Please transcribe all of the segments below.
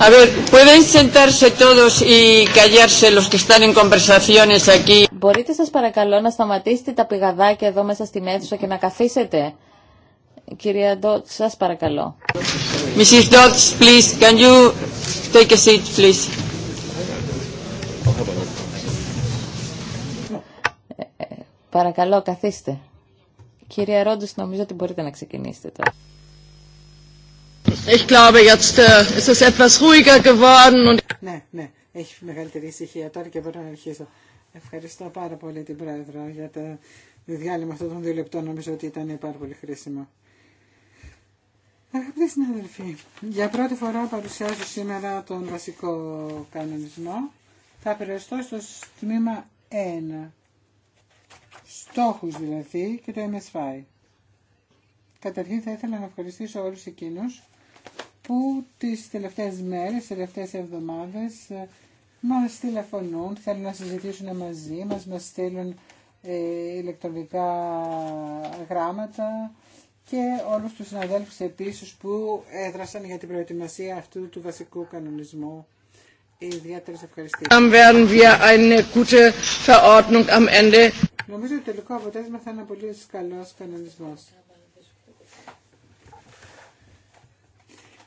A ver, pueden sentarse todos y callarse los que están en conversaciones aquí. Μπορείτε σας παρακαλώ να σταματήσετε τα πηγαδάκια εδώ μέσα στην αίθουσα και να καθίσετε. Κυρία Ντότ, σας παρακαλώ. Mrs. Dodds, please, can you take a seat, please? Ε, ε, παρακαλώ, καθίστε. Κύριε Ρόντου, νομίζω ότι μπορείτε να ξεκινήσετε τώρα. Ich glaube, jetzt äh, ist es etwas ruhiger geworden und... Ναι, ναι, έχει μεγαλύτερη ησυχία τώρα και μπορώ να αρχίσω. Ευχαριστώ πάρα πολύ την Πρόεδρο για το διάλειμμα αυτών των δύο λεπτών. Νομίζω ότι ήταν πάρα πολύ χρήσιμο. Αγαπητοί συνάδελφοι, για πρώτη φορά παρουσιάζω σήμερα τον βασικό κανονισμό. Θα περιοριστώ στο τμήμα 1 στόχους δηλαδή και το MSI. Καταρχήν θα ήθελα να ευχαριστήσω όλους εκείνους που τις τελευταίες μέρες, τις τελευταίες εβδομάδες ε, μας τηλεφωνούν, θέλουν να συζητήσουν μαζί μας, μας στείλουν ε, ηλεκτρονικά γράμματα και όλους τους συναδέλφους επίσης που έδρασαν για την προετοιμασία αυτού του βασικού κανονισμού ιδιαίτερες ευχαριστήσεις. Νομίζω ότι το τελικό αποτέλεσμα θα είναι ένα πολύ καλό κανονισμό.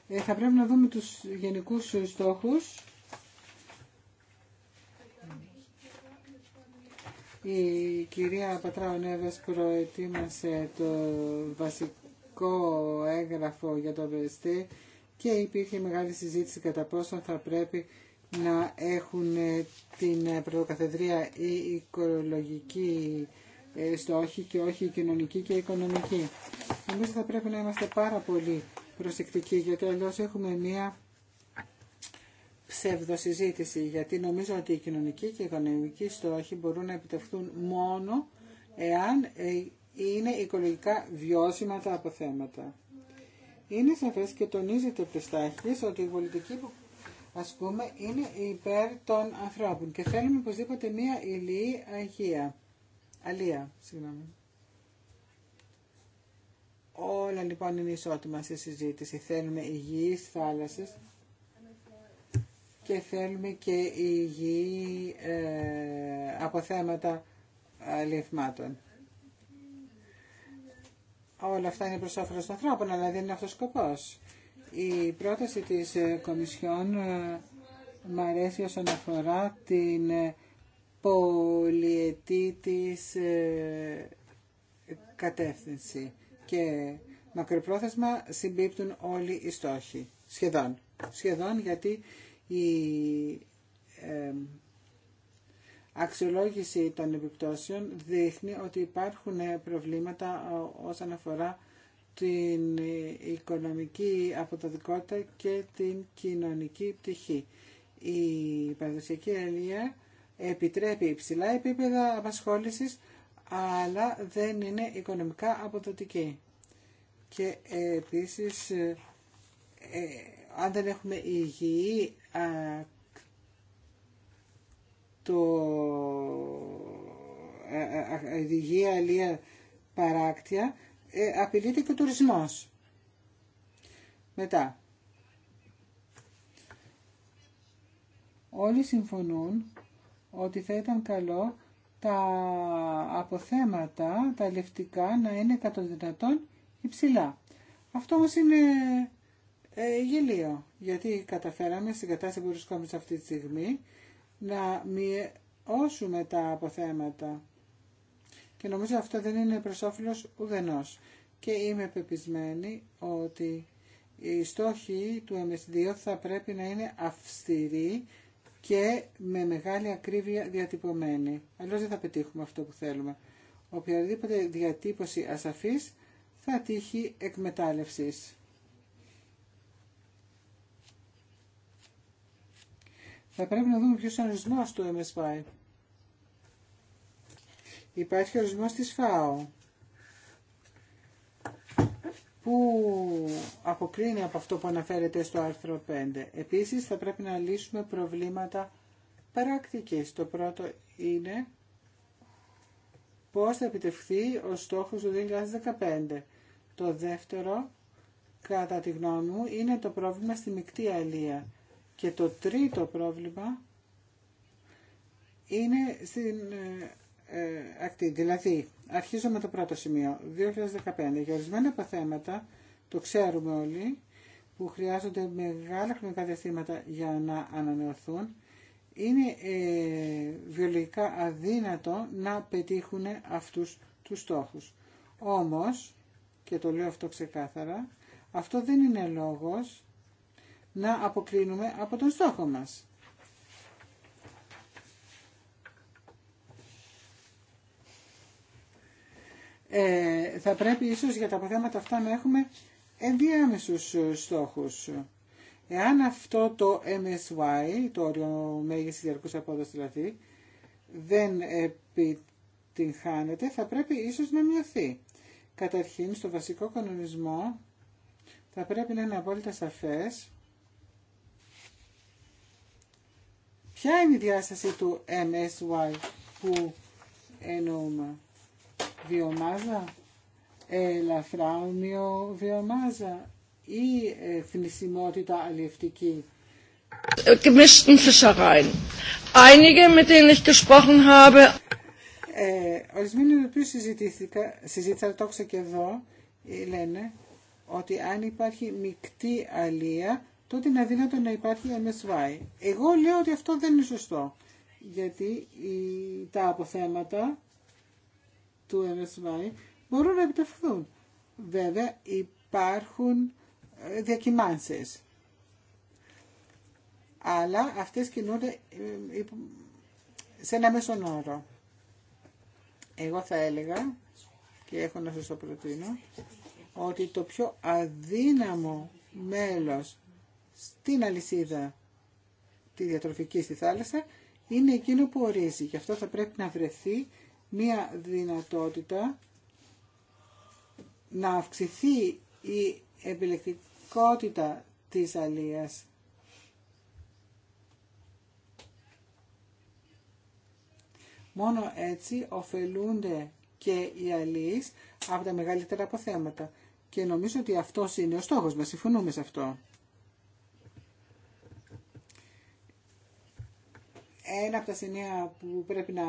Ε, θα πρέπει να δούμε του γενικού στόχου. Η κυρία Πατράου Νέβες προετοίμασε το βασικό έγγραφο για το ΒΕΣΤΕ και υπήρχε μεγάλη συζήτηση κατά πόσο θα πρέπει να έχουν ε, την ε, πρωτοκαθεδρία η οικολογική ε, στόχη και όχι η κοινωνική και οικονομική. Νομίζω θα πρέπει να είμαστε πάρα πολύ προσεκτικοί γιατί αλλιώς έχουμε μία ψευδοσυζήτηση γιατί νομίζω ότι η κοινωνική και η οικονομική στόχοι μπορούν να επιτευχθούν μόνο εάν είναι οικολογικά βιώσιμα τα αποθέματα. Είναι σαφές και τονίζεται προστάχης ότι η πολιτική ας πούμε, είναι υπέρ των ανθρώπων και θέλουμε οπωσδήποτε μία ηλιή αγία. Αλία, συγγνώμη. Όλα λοιπόν είναι ισότιμα στη συζήτηση. Θέλουμε υγιείς θάλασσες και θέλουμε και υγιή ε, αποθέματα ε, λιθμάτων. Όλα αυτά είναι προς όφελος των ανθρώπων, αλλά δεν είναι αυτός ο σκοπός. Η πρόταση της ε, Κομισιόν ε, μ' αρέσει όσον αφορά την ε, πολιετή της κατεύθυνση και μακροπρόθεσμα συμπίπτουν όλοι οι στόχοι. Σχεδόν. Σχεδόν γιατί η αξιολόγηση των επιπτώσεων δείχνει ότι υπάρχουν προβλήματα όσον αφορά την οικονομική αποδοτικότητα και την κοινωνική πτυχή. Η παραδοσιακή αλληλεία επιτρέπει υψηλά επίπεδα απασχόλησης, αλλά δεν είναι οικονομικά αποδοτική. Και ε, επίσης, ε, ε, αν δεν έχουμε υγιή α, το ε, υγιή παράκτια, ε, απειλείται και ο τουρισμός. Μετά. Όλοι συμφωνούν ότι θα ήταν καλό τα αποθέματα, τα λεφτικά να είναι κατά δυνατόν υψηλά. Αυτό όμως είναι ε, γελίο, γιατί καταφέραμε στην κατάσταση που βρισκόμαστε αυτή τη στιγμή να μειώσουμε τα αποθέματα. Και νομίζω αυτό δεν είναι προς όφελος ουδενός. Και είμαι πεπισμένη ότι οι στόχοι του MS2 θα πρέπει να είναι αυστηροί και με μεγάλη ακρίβεια διατυπωμένοι. Αλλιώς δεν θα πετύχουμε αυτό που θέλουμε. Οποιαδήποτε διατύπωση ασαφής θα τύχει εκμετάλλευσης. Θα πρέπει να δούμε ποιος είναι ο ορισμός του MSY. Υπάρχει ορισμός της ΦΑΟ που αποκρίνει από αυτό που αναφέρεται στο άρθρο 5. Επίσης θα πρέπει να λύσουμε προβλήματα πράκτικες. Το πρώτο είναι πώς θα επιτευχθεί ο στόχος του 2015. Το δεύτερο, κατά τη γνώμη μου, είναι το πρόβλημα στη μεικτή αλία. Και το τρίτο πρόβλημα είναι στην ε, ε, ακτή. Δηλαδή, αρχίζω με το πρώτο σημείο, 2015. Για ορισμένα από το ξέρουμε όλοι, που χρειάζονται μεγάλα χρονικά διαστήματα για να ανανεωθούν, είναι ε, βιολογικά αδύνατο να πετύχουν αυτούς τους στόχους. Όμως, και το λέω αυτό ξεκάθαρα, αυτό δεν είναι λόγος να αποκλίνουμε από τον στόχο μας. Ε, θα πρέπει ίσως για τα αποθέματα αυτά να έχουμε ενδιάμεσους ε, στόχους. Εάν αυτό το MSY, το όριο μέγιστη διαρκούς απόδοση δηλαδή, δεν επιτυγχάνεται, θα πρέπει ίσως να μειωθεί. Καταρχήν, στο βασικό κανονισμό θα πρέπει να είναι απόλυτα σαφές ποια είναι η διάσταση του MSY που εννοούμε βιομάζα, ελαφρά βιομάζα ή θνησιμότητα αλληλευτική. Gemischten Fischereien. Einige, mit denen ich ε, ορισμένοι με οποίους συζήτησα, το έξω και εδώ, ε, λένε ότι αν υπάρχει μεικτή αλία, τότε είναι αδύνατο να υπάρχει MSY. Εγώ λέω ότι αυτό δεν είναι σωστό, γιατί τα αποθέματα του MSY μπορούν να επιτευχθούν. Βέβαια υπάρχουν ε, διακυμάνσεις. Αλλά αυτές κινούνται ε, σε ένα μέσον όρο. Εγώ θα έλεγα και έχω να σας το προτείνω ότι το πιο αδύναμο μέλος στην αλυσίδα τη διατροφική στη θάλασσα είναι εκείνο που ορίζει. Γι' αυτό θα πρέπει να βρεθεί μία δυνατότητα να αυξηθεί η επιλεκτικότητα της αλίας. Μόνο έτσι ωφελούνται και οι αλίες από τα μεγαλύτερα αποθέματα. Και νομίζω ότι αυτό είναι ο στόχος μας. Συμφωνούμε σε αυτό. Ένα από τα σημεία που πρέπει να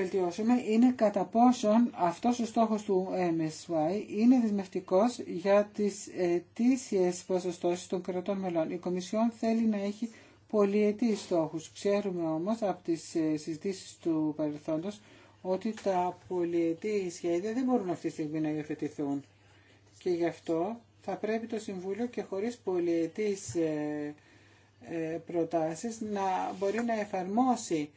βελτιώσουμε είναι κατά πόσον αυτός ο στόχος του MSY είναι δεσμευτικός για τις ετήσιες ποσοστώσεις των κρατών μελών. Η Κομισιόν θέλει να έχει πολυετή στόχους. Ξέρουμε όμως από τις ε, συζητήσεις του παρελθόντος ότι τα πολυετή σχέδια δεν μπορούν αυτή τη στιγμή να υιοθετηθούν. Και γι' αυτό θα πρέπει το Συμβούλιο και χωρίς πολυετής ε, ε, προτάσεις να μπορεί να εφαρμόσει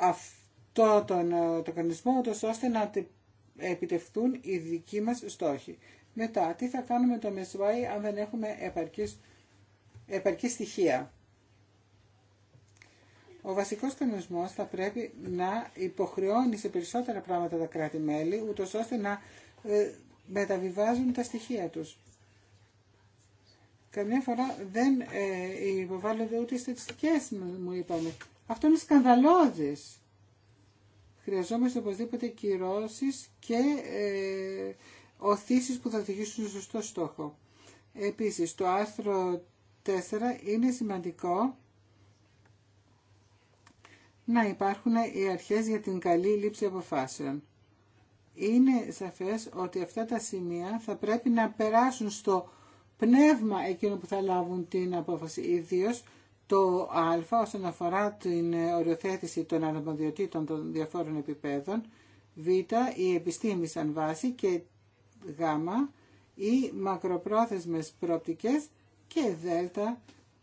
αυτό ε, το κανισμό, κανονισμό, ώστε να επιτευχθούν οι δικοί μας στόχοι. Μετά, τι θα κάνουμε το μεσβαί αν δεν έχουμε επαρκής, επαρκή στοιχεία. Ο βασικός κανονισμός θα πρέπει να υποχρεώνει σε περισσότερα πράγματα τα κράτη-μέλη, ώστε να ε, μεταβιβάζουν τα στοιχεία τους. Καμιά φορά δεν ε, υποβάλλονται ούτε οι στατιστικές, μου είπαμε. Αυτό είναι σκανδαλώδες. Χρειαζόμαστε οπωσδήποτε κυρώσεις και ε, οθήσεις που θα οδηγήσουν στο σωστό στόχο. Επίσης, το άρθρο 4 είναι σημαντικό να υπάρχουν οι αρχές για την καλή λήψη αποφάσεων. Είναι σαφές ότι αυτά τα σημεία θα πρέπει να περάσουν στο πνεύμα εκείνο που θα λάβουν την απόφαση, ιδίως το α όσον αφορά την οριοθέτηση των αρμοδιοτήτων των διαφόρων επιπέδων, β η επιστήμη σαν βάση και γ οι μακροπρόθεσμες προοπτικές και δ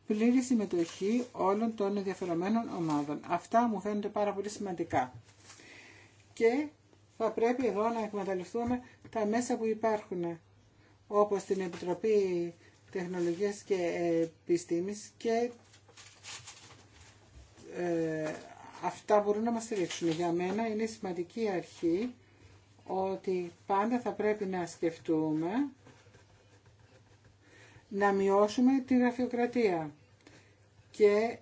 πλήρη συμμετοχή όλων των ενδιαφερομένων ομάδων. Αυτά μου φαίνονται πάρα πολύ σημαντικά. Και θα πρέπει εδώ να εκμεταλλευτούμε τα μέσα που υπάρχουν, όπως την Επιτροπή Τεχνολογίας και Επιστήμης και ε, αυτά μπορούν να μας στηρίξουν. Για μένα είναι σημαντική αρχή ότι πάντα θα πρέπει να σκεφτούμε να μειώσουμε τη γραφειοκρατία και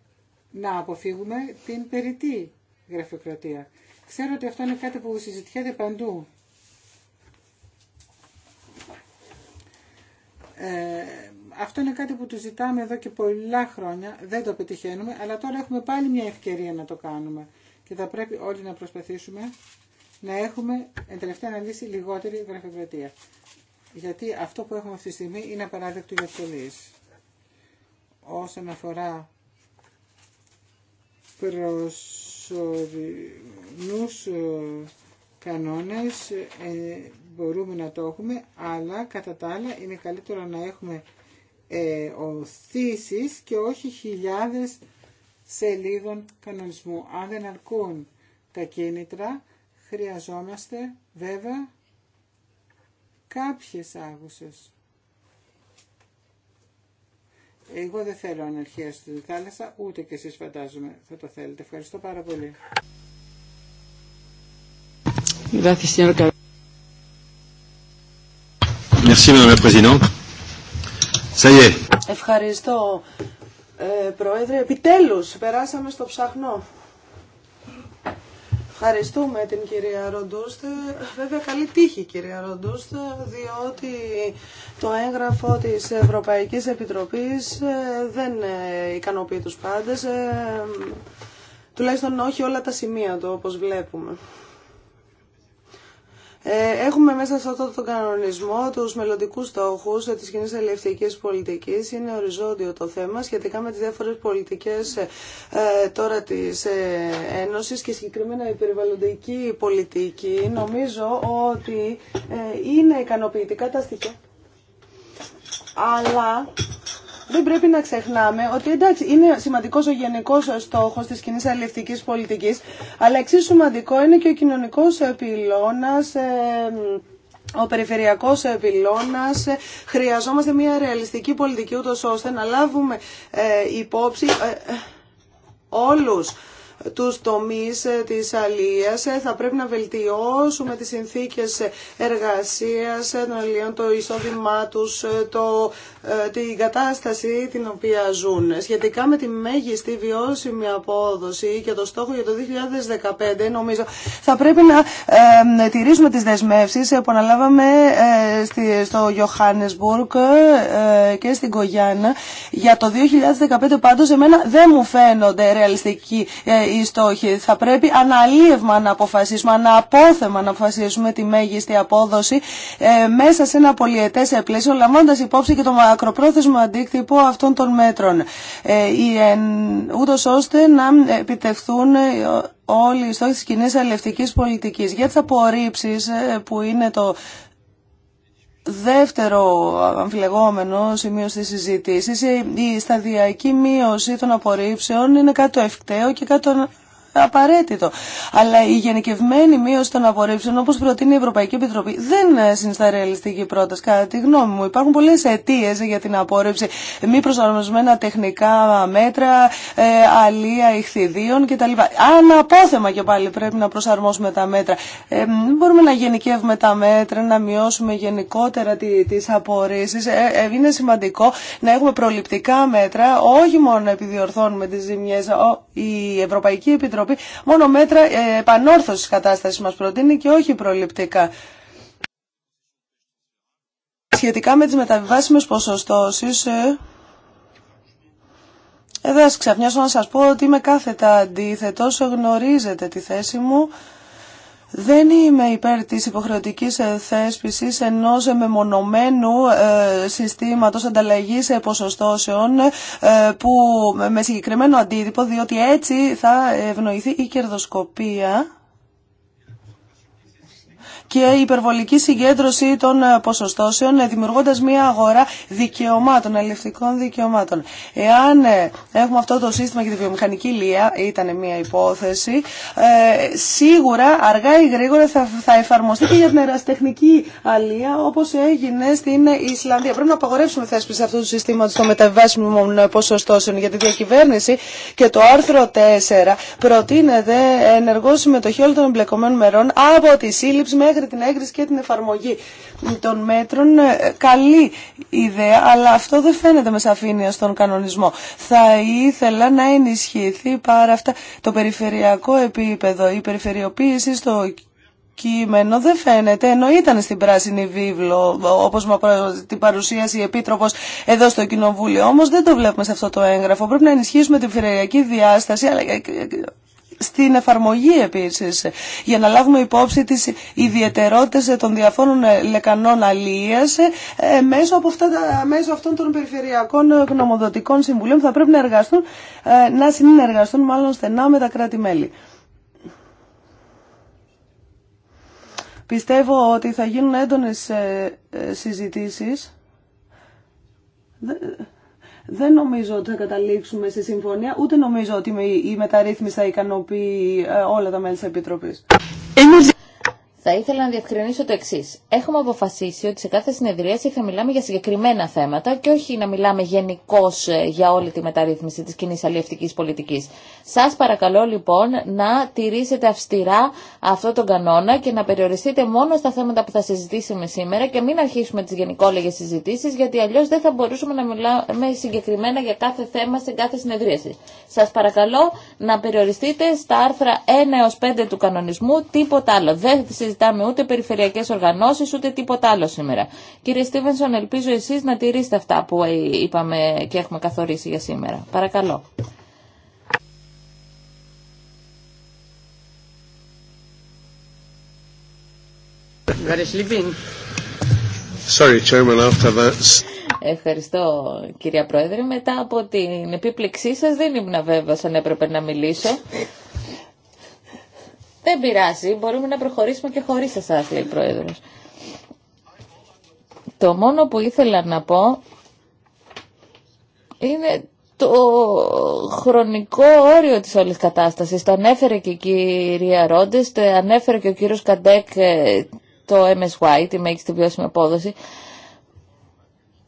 να αποφύγουμε την περιττή γραφειοκρατία. Ξέρω ότι αυτό είναι κάτι που συζητιέται παντού. Ε, αυτό είναι κάτι που το ζητάμε εδώ και πολλά χρόνια, δεν το πετυχαίνουμε, αλλά τώρα έχουμε πάλι μια ευκαιρία να το κάνουμε. Και θα πρέπει όλοι να προσπαθήσουμε να έχουμε, εν τελευταία αναλύση, λιγότερη γραφειοκρατία. Γιατί αυτό που έχουμε αυτή τη στιγμή είναι απαράδεκτο για πολλούς. Όσον αφορά προσωρινούς ε, κανόνες, ε, μπορούμε να το έχουμε, αλλά κατά τα άλλα είναι καλύτερο να έχουμε ε, οθήσεις και όχι χιλιάδες σελίδων κανονισμού. Αν δεν αρκούν τα κίνητρα, χρειαζόμαστε βέβαια κάποιες άγουσες. Εγώ δεν θέλω αναρχία στη θάλασσα, ούτε και εσείς φαντάζομαι θα το θέλετε. Ευχαριστώ πάρα πολύ. Merci, Madame Ευχαριστώ, ε, Πρόεδρε. Επιτέλους, περάσαμε στο ψαχνό. Ευχαριστούμε την κυρία Ροντούστ. Βέβαια καλή τύχη κυρία Ροντούστ, διότι το έγγραφο της Ευρωπαϊκής Επιτροπής ε, δεν ε, ικανοποιεί τους πάντες, τουλάχιστον όχι όλα τα σημεία του όπως βλέπουμε. Ε, έχουμε μέσα σε αυτόν τον κανονισμό του μελλοντικού στόχου τη κοινή ελευθερική πολιτική. Είναι οριζόντιο το θέμα σχετικά με τι διάφορε πολιτικέ ε, τώρα τη ε, Ένωση και συγκεκριμένα η περιβαλλοντική πολιτική. Νομίζω ότι είναι ικανοποιητικά τα στοιχεία. Αλλά δεν πρέπει να ξεχνάμε ότι εντάξει είναι σημαντικό ο γενικό στόχο τη κοινή αλληλευτική πολιτική, αλλά εξίσου σημαντικό είναι και ο κοινωνικό πυλώνα. Ε, ο περιφερειακός πυλώνα. χρειαζόμαστε μια ρεαλιστική πολιτική ούτω ώστε να λάβουμε ε, υπόψη ε, όλους τους τομείς ε, της αλίας. Ε, θα πρέπει να βελτιώσουμε τις συνθήκες εργασίας ε, των Αλίων, το εισόδημά τους, το, την κατάσταση την οποία ζουν. Σχετικά με τη μέγιστη βιώσιμη απόδοση και το στόχο για το 2015, νομίζω, θα πρέπει να ε, τηρήσουμε τις δεσμεύσεις που αναλάβαμε στο Johannesburg και στην Κογιάννα. Για το 2015 πάντως εμένα δεν μου φαίνονται ρεαλιστικοί οι στόχοι. Θα πρέπει αναλύευμα να αποφασίσουμε, αναπόθεμα να αποφασίσουμε τη μέγιστη απόδοση ε, μέσα σε ένα πολιετέ ε, πλαίσιο, λαμβάνοντας υπόψη και το μακροπρόθεσμο αντίκτυπο αυτών των μέτρων. Ε, Ούτω ώστε να επιτευχθούν όλοι οι στόχοι τη κοινή αλληλευτικής πολιτικής. Για τις απορρίψεις που είναι το Δεύτερο αμφιλεγόμενο σημείο στη συζήτηση, η σταδιακή μείωση των απορρίψεων είναι κάτι το ευκταίο και κάτι το απαραίτητο. Αλλά η γενικευμένη μείωση των απορρίψεων, όπω προτείνει η Ευρωπαϊκή Επιτροπή, δεν συνιστά ρεαλιστική πρόταση, κατά τη γνώμη μου. Υπάρχουν πολλέ αιτίε για την απόρριψη μη προσαρμοσμένα τεχνικά μέτρα, ε, και ηχθιδίων κτλ. Αναπόθεμα και πάλι πρέπει να προσαρμόσουμε τα μέτρα. Ε, μπορούμε να γενικεύουμε τα μέτρα, να μειώσουμε γενικότερα τι απορρίσει. Ε, ε, είναι σημαντικό να έχουμε προληπτικά μέτρα, όχι μόνο να επιδιορθώνουμε τι ζημιέ. Η Ευρωπαϊκή Επιτροπή μόνο μέτρα ε, επανόρθωσης κατάσταση μας προτείνει και όχι προληπτικά. Σχετικά με τις μεταβιβάσιμες ποσοστώσεις, εδώ ε, σας ξαφνιάσω να σας πω ότι είμαι κάθετα αντίθετος, γνωρίζετε τη θέση μου. Δεν είμαι υπέρ της υποχρεωτικής ε, θέσπισης ενός μεμονωμένου ε, συστήματος ανταλλαγής ε, ποσοστώσεων που με συγκεκριμένο αντίτυπο, διότι έτσι θα ευνοηθεί η κερδοσκοπία και η υπερβολική συγκέντρωση των ε, ποσοστώσεων ε, δημιουργώντας μια αγορά δικαιωμάτων, αλληλευτικών δικαιωμάτων. Εάν ε, έχουμε αυτό το σύστημα για τη βιομηχανική λία, ήταν μια υπόθεση, σίγουρα αργά ή γρήγορα θα, εφαρμοστεί και για την εραστεχνική αλία όπως έγινε στην Ισλανδία. Πρέπει να απαγορεύσουμε θέσπιση αυτού του συστήματο των μεταβάσιμων ποσοστώσεων για τη διακυβέρνηση και το άρθρο 4 προτείνεται ενεργό συμμετοχή όλων των εμπλεκομένων μερών από τη σύλληψη μέχρι την έγκριση και την εφαρμογή των μέτρων. Ε, καλή ιδέα, αλλά αυτό δεν φαίνεται με σαφήνεια στον κανονισμό. Θα ήθελα να ενισχυθεί πάρα αυτά το περιφερειακό επίπεδο, η περιφερειοποίηση στο κείμενο δεν φαίνεται, ενώ ήταν στην πράσινη βίβλο, όπως την παρουσίασε η Επίτροπος εδώ στο Κοινοβούλιο, όμως δεν το βλέπουμε σε αυτό το έγγραφο. Πρέπει να ενισχύσουμε την περιφερειακή διάσταση, αλλά στην εφαρμογή επίσης για να λάβουμε υπόψη τις ιδιαιτερότητες των διαφόρων ε, λεκανών αλίας ε, μέσω, αυτών των περιφερειακών ε, γνωμοδοτικών συμβουλίων που θα πρέπει να εργαστούν, να συνεργαστούν μάλλον στενά με τα κράτη-μέλη. Πιστεύω ότι θα γίνουν έντονες συζητήσεις. Δεν νομίζω ότι θα καταλήξουμε σε συμφωνία, ούτε νομίζω ότι η μεταρρύθμιση θα ικανοποιεί ε, όλα τα μέλη τη Επιτροπής. Θα ήθελα να διευκρινίσω το εξή. Έχουμε αποφασίσει ότι σε κάθε συνεδρίαση θα μιλάμε για συγκεκριμένα θέματα και όχι να μιλάμε γενικώ ε, για όλη τη μεταρρύθμιση τη κοινή αλληλευτική πολιτική. Σα παρακαλώ λοιπόν να τηρήσετε αυστηρά αυτό τον κανόνα και να περιοριστείτε μόνο στα θέματα που θα συζητήσουμε σήμερα και μην αρχίσουμε τι γενικόλεγε συζητήσει γιατί αλλιώ δεν θα μπορούσαμε να μιλάμε συγκεκριμένα για κάθε θέμα σε κάθε συνεδρίαση. Σα παρακαλώ να περιοριστείτε στα άρθρα 1 έω 5 του κανονισμού, τίποτα άλλο. Δεν συζητάμε ούτε περιφερειακέ οργανώσει ούτε τίποτα άλλο σήμερα. Κύριε Στίβενσον, ελπίζω εσεί να τηρήσετε αυτά που είπαμε και έχουμε καθορίσει για σήμερα. Παρακαλώ. Sorry, chairman, after Ευχαριστώ κυρία Πρόεδρε. Μετά από την επίπληξή σας δεν ήμουν βέβαια αν έπρεπε να μιλήσω. Δεν πειράζει, μπορούμε να προχωρήσουμε και χωρίς εσά λέει η Πρόεδρος. Το μόνο που ήθελα να πω είναι το χρονικό όριο της όλης κατάστασης. Το ανέφερε και η κυρία Ρόντες, το ανέφερε και ο κύριος Καντέκ ε, το MSY, τη μέγιστη βιώσιμη απόδοση.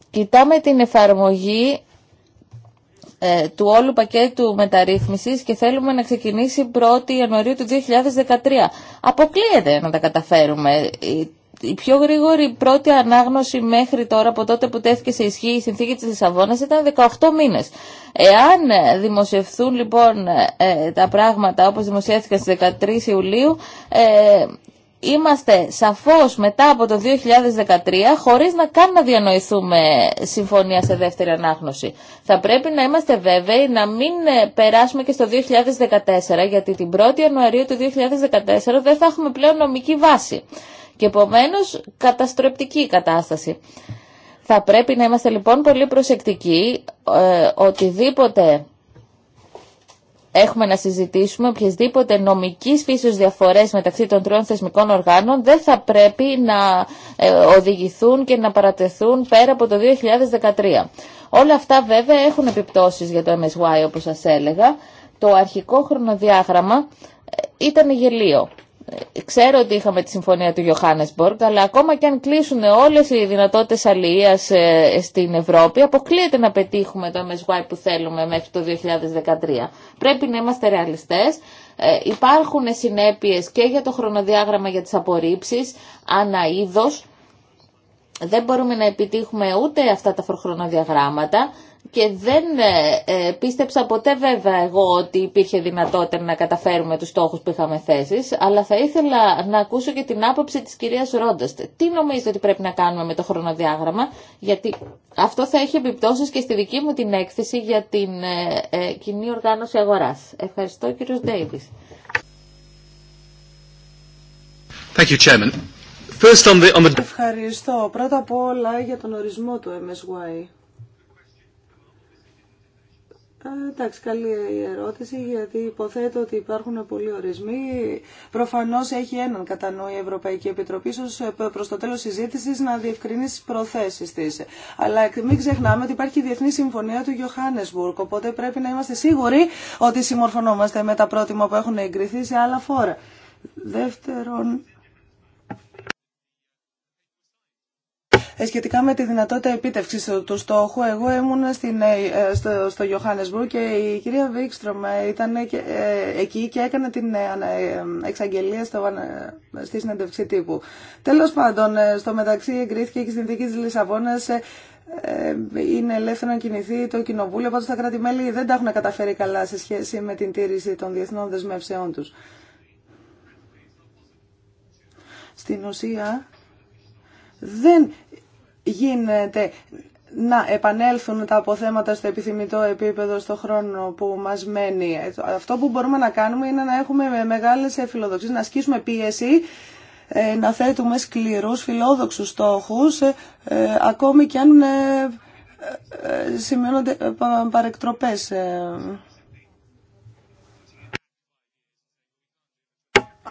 Κοιτάμε την εφαρμογή ε, του όλου πακέτου μεταρρύθμισης και θέλουμε να ξεκινήσει 1η Ιανουαρίου του 2013. Αποκλείεται να τα καταφέρουμε. Η πιο γρήγορη πρώτη ανάγνωση μέχρι τώρα από τότε που τέθηκε σε ισχύ η συνθήκη της Λισαβόνας ήταν 18 μήνες. Εάν δημοσιευθούν λοιπόν ε, τα πράγματα όπως δημοσιεύθηκαν στις 13 Ιουλίου ε, είμαστε σαφώς μετά από το 2013 χωρίς να καν να διανοηθούμε συμφωνία σε δεύτερη ανάγνωση. Θα πρέπει να είμαστε βέβαιοι να μην ε, περάσουμε και στο 2014 γιατί την 1η Ιανουαρίου του 2014 δεν θα έχουμε πλέον νομική βάση και επομένω καταστρεπτική η κατάσταση. Θα πρέπει να είμαστε λοιπόν πολύ προσεκτικοί ε, οτιδήποτε έχουμε να συζητήσουμε οποιασδήποτε νομικής φύσης διαφορές μεταξύ των τριών θεσμικών οργάνων δεν θα πρέπει να ε, οδηγηθούν και να παρατεθούν πέρα από το 2013. Όλα αυτά βέβαια έχουν επιπτώσεις για το MSY όπως σα έλεγα. Το αρχικό χρονοδιάγραμμα ε, ήταν γελίο. Ξέρω ότι είχαμε τη συμφωνία του Johannesburg, αλλά ακόμα και αν κλείσουν όλες οι δυνατότητες αλληλείας ε, στην Ευρώπη, αποκλείεται να πετύχουμε το MSY που θέλουμε μέχρι το 2013. Πρέπει να είμαστε ρεαλιστές. Ε, υπάρχουν συνέπειες και για το χρονοδιάγραμμα για τις απορρίψεις, αναείδος. Δεν μπορούμε να επιτύχουμε ούτε αυτά τα χρονοδιαγράμματα και δεν ε, ε, πίστεψα ποτέ βέβαια εγώ ότι υπήρχε δυνατότητα να καταφέρουμε τους στόχους που είχαμε θέσει, αλλά θα ήθελα να ακούσω και την άποψη της κυρίας Ρόνταστε. Τι νομίζετε ότι πρέπει να κάνουμε με το χρονοδιάγραμμα, γιατί αυτό θα έχει επιπτώσεις και στη δική μου την έκθεση για την ε, κοινή οργάνωση αγοράς. Ευχαριστώ κύριος Ντέιβις. Ευχαριστώ. Πρώτα απ' όλα για τον ορισμό του MSY εντάξει, καλή η ερώτηση, γιατί υποθέτω ότι υπάρχουν πολλοί ορισμοί. Προφανώ έχει έναν κατά η Ευρωπαϊκή Επιτροπή, ίσω ε, προ το τέλο συζήτηση να διευκρινίσει τι προθέσει τη. Αλλά μην ξεχνάμε ότι υπάρχει η Διεθνή Συμφωνία του Γιωχάνεσμπουργκ, οπότε πρέπει να είμαστε σίγουροι ότι συμμορφωνόμαστε με τα πρότυπα που έχουν εγκριθεί σε άλλα φόρα. Δεύτερον, Ε, σχετικά με τη δυνατότητα επίτευξη του στόχου. Εγώ ήμουν στην, ε, ε, στο, στο Johannesburg και η κυρία Βίξτρομ ήταν εκεί και έκανε την εξαγγελία στο, στη συνέντευξη τύπου. Τέλος πάντων, στο μεταξύ εγκρίθηκε και η συνθήκη της Λισαβόνας είναι ελεύθερο να κινηθεί το κοινοβούλιο, πάντως τα κράτη-μέλη δεν τα έχουν καταφέρει καλά σε σχέση με την τήρηση των διεθνών δεσμεύσεών τους. Στην ουσία δεν γίνεται να επανέλθουν τα αποθέματα στο επιθυμητό επίπεδο στο χρόνο που μας μένει. Αυτό που μπορούμε να κάνουμε είναι να έχουμε μεγάλες φιλοδοξίες, να ασκήσουμε πίεση, ε, να θέτουμε σκληρούς φιλόδοξους στόχους, ε, ε, ακόμη και αν σημειώνονται παρεκτροπές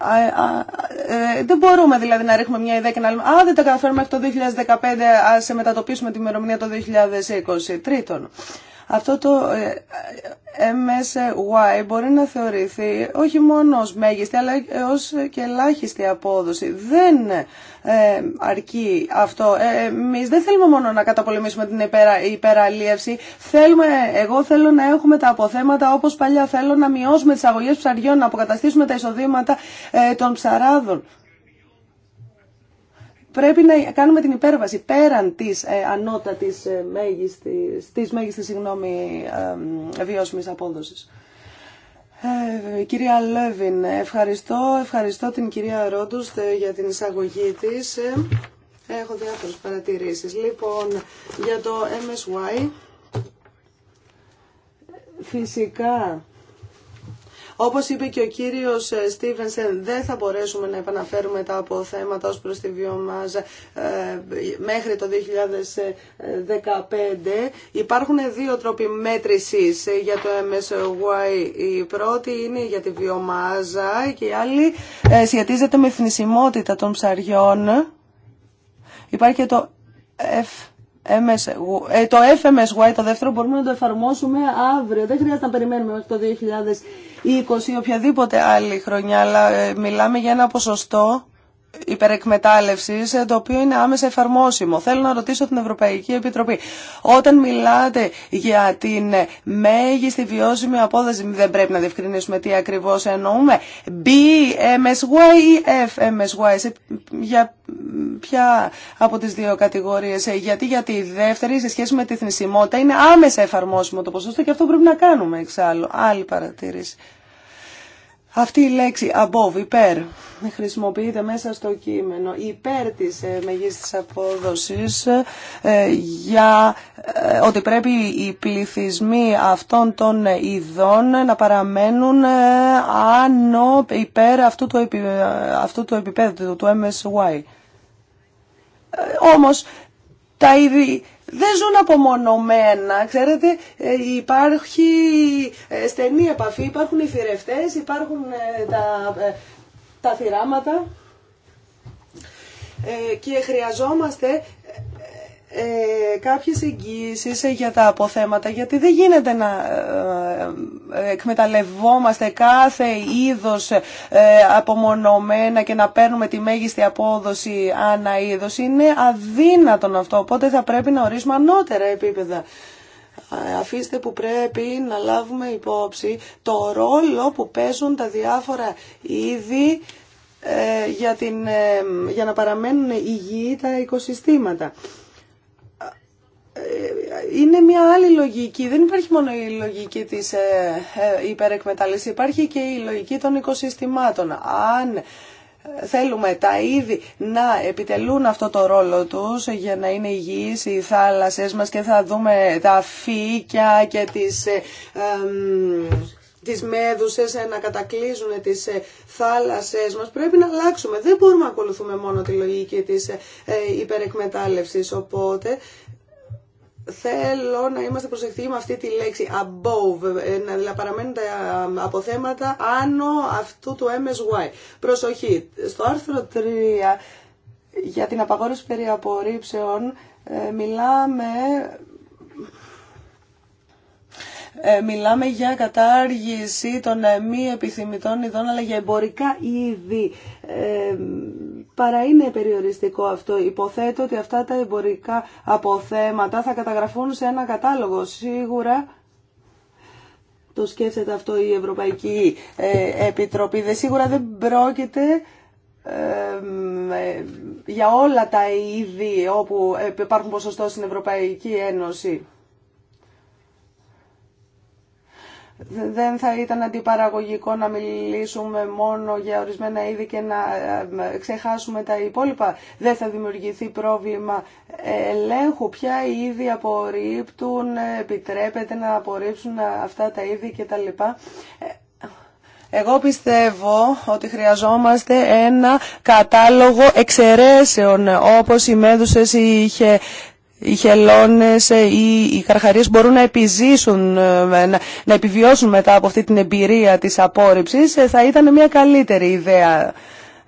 Ε, ε, δεν μπορούμε δηλαδή να ρίχνουμε μια ιδέα και να λέμε «Α, δεν τα καταφέρουμε μέχρι το 2015, ας μετατοπίσουμε τη ημερομηνία το 2023». Αυτό το ε, MSY μπορεί να θεωρηθεί όχι μόνο ως μέγιστη αλλά ως και ελάχιστη απόδοση. Δεν ε, αρκεί αυτό. Ε, Εμεί δεν θέλουμε μόνο να καταπολεμήσουμε την υπερα, υπεραλίευση. Θέλουμε, εγώ θέλω να έχουμε τα αποθέματα όπως παλιά. Θέλω να μειώσουμε τις αγωγές ψαριών, να αποκαταστήσουμε τα εισοδήματα των ψαράδων πρέπει να κάνουμε την υπέρβαση πέραν της ε, ανώτατης ε, μέγιστης, της μέγιστης συγγνώμη, ε, βιώσιμης απόδοσης. Ε, κυρία Λέβιν, ευχαριστώ, ευχαριστώ την κυρία Ρόντους ε, για την εισαγωγή της. Ε. Έχω διάφορες παρατηρήσεις. Λοιπόν, για το MSY, φυσικά όπως είπε και ο κύριος ε, Στίβενσεν, δεν θα μπορέσουμε να επαναφέρουμε τα αποθέματα ως προς τη βιομάζα ε, μέχρι το 2015. Υπάρχουν δύο τρόποι μέτρησης για το MSY. Η πρώτη είναι για τη βιομάζα και η άλλη ε, σχετίζεται με θνησιμότητα των ψαριών. Υπάρχει και το F ε, το FMSY, το δεύτερο, μπορούμε να το εφαρμόσουμε αύριο. Δεν χρειάζεται να περιμένουμε μέχρι το 2020 ή οποιαδήποτε άλλη χρονιά, αλλά ε, μιλάμε για ένα ποσοστό υπερεκμετάλλευση, ε, το οποίο είναι άμεσα εφαρμόσιμο. Θέλω να ρωτήσω την Ευρωπαϊκή Επιτροπή. Όταν μιλάτε για την μέγιστη βιώσιμη απόδοση, δεν πρέπει να διευκρινίσουμε τι ακριβώς εννοούμε. BMSY ή FMSY, για ποια από τις δύο κατηγορίες. Ε, γιατί, γιατί η δεύτερη σε σχέση με τη θνησιμότητα είναι άμεσα εφαρμόσιμο το ποσοστό και αυτό πρέπει να κάνουμε εξάλλου. Άλλη παρατήρηση. Αυτή η λέξη above, υπέρ, χρησιμοποιείται μέσα στο κείμενο υπέρ της ε, μεγίστης απόδοσης ε, για ε, ότι πρέπει οι πληθυσμοί αυτών των ειδών να παραμένουν ε, άνω υπέρ αυτού του, αυτού του επίπεδου του MSY. Όμως τα είδη δεν ζουν απομονωμένα. Ξέρετε, ε, υπάρχει ε, στενή επαφή, υπάρχουν οι θηρευτές, υπάρχουν ε, τα, τα θυράματα και χρειαζόμαστε ε, κάποιες εγγύησεις ε, για τα αποθέματα, γιατί δεν γίνεται να ε, ε, εκμεταλλευόμαστε κάθε είδος απομονωμένα και να παίρνουμε τη μέγιστη απόδοση ανά είδος. Είναι αδύνατον αυτό, οπότε θα πρέπει να ορίσουμε ανώτερα επίπεδα. Αφήστε που πρέπει να λάβουμε υπόψη το ρόλο που παίζουν τα διάφορα είδη για, την, για να παραμένουν υγιεί τα οικοσυστήματα. Ε, είναι μια άλλη λογική. Δεν υπάρχει μόνο η λογική της ε, ε, υπερεκμετάλλησης, υπάρχει και η λογική των οικοσυστημάτων. Αν θέλουμε τα είδη να επιτελούν αυτό το ρόλο τους για να είναι υγιείς οι θάλασσες μας και θα δούμε τα φύκια και τις... Ε, τις μέδουσες να κατακλείζουν τις θάλασσές μας. Πρέπει να αλλάξουμε. Δεν μπορούμε να ακολουθούμε μόνο τη λογική της υπερεκμετάλλευσης. Οπότε Θέλω να είμαστε προσεκτικοί με αυτή τη λέξη above, ε, να παραμένουν τα αποθέματα άνω αυτού του MSY. Προσοχή, στο άρθρο 3 για την απαγόρευση περί απορρίψεων ε, μιλάμε ε, μιλάμε για κατάργηση των ε, μη επιθυμητών ειδών, αλλά για εμπορικά είδη. Ε, παρά είναι περιοριστικό αυτό. Υποθέτω ότι αυτά τα εμπορικά αποθέματα θα καταγραφούν σε ένα κατάλογο. Σίγουρα το σκέφτεται αυτό η Ευρωπαϊκή ε, Επιτροπή. Δε σίγουρα δεν πρόκειται για όλα τα είδη όπου υπάρχουν ποσοστό στην Ευρωπαϊκή Ένωση. δεν θα ήταν αντιπαραγωγικό να μιλήσουμε μόνο για ορισμένα είδη και να ε, ε, ξεχάσουμε τα υπόλοιπα. Δεν θα δημιουργηθεί πρόβλημα ελέγχου. Ποια είδη απορρίπτουν, επιτρέπεται να απορρίψουν αυτά τα είδη κτλ. Ε, εγώ πιστεύω ότι χρειαζόμαστε ένα κατάλογο εξαιρέσεων, όπως η Μέδουσες είχε οι χελώνες ε, ή οι καρχαρίες μπορούν να επιζήσουν, ε, να επιβιώσουν μετά από αυτή την εμπειρία της απόρριψης, ε, θα ήταν μια καλύτερη ιδέα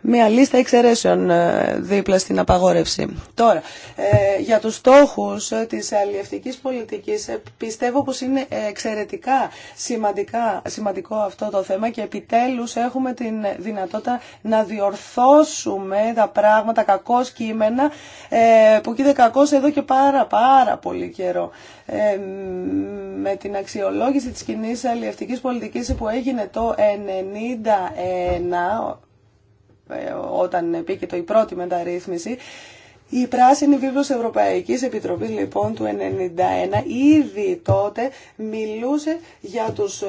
μια λίστα εξαιρέσεων ε, δίπλα στην απαγόρευση. Τώρα, ε, για τους στόχους ε, της αλλιευτικής πολιτικής πιστεύω πως είναι εξαιρετικά σημαντικά, σημαντικό αυτό το θέμα και επιτέλους έχουμε την δυνατότητα να διορθώσουμε τα πράγματα, κακώς κείμενα που κοίτα κακώς εδώ και πάρα πάρα πολύ καιρό. με την αξιολόγηση της κοινή αλλιευτικής πολιτικής που έγινε το 1991 ε, όταν το η πρώτη μεταρρύθμιση η πράσινη βίβλος Ευρωπαϊκής Επιτροπής λοιπόν του 1991 ήδη τότε μιλούσε για τους, ε,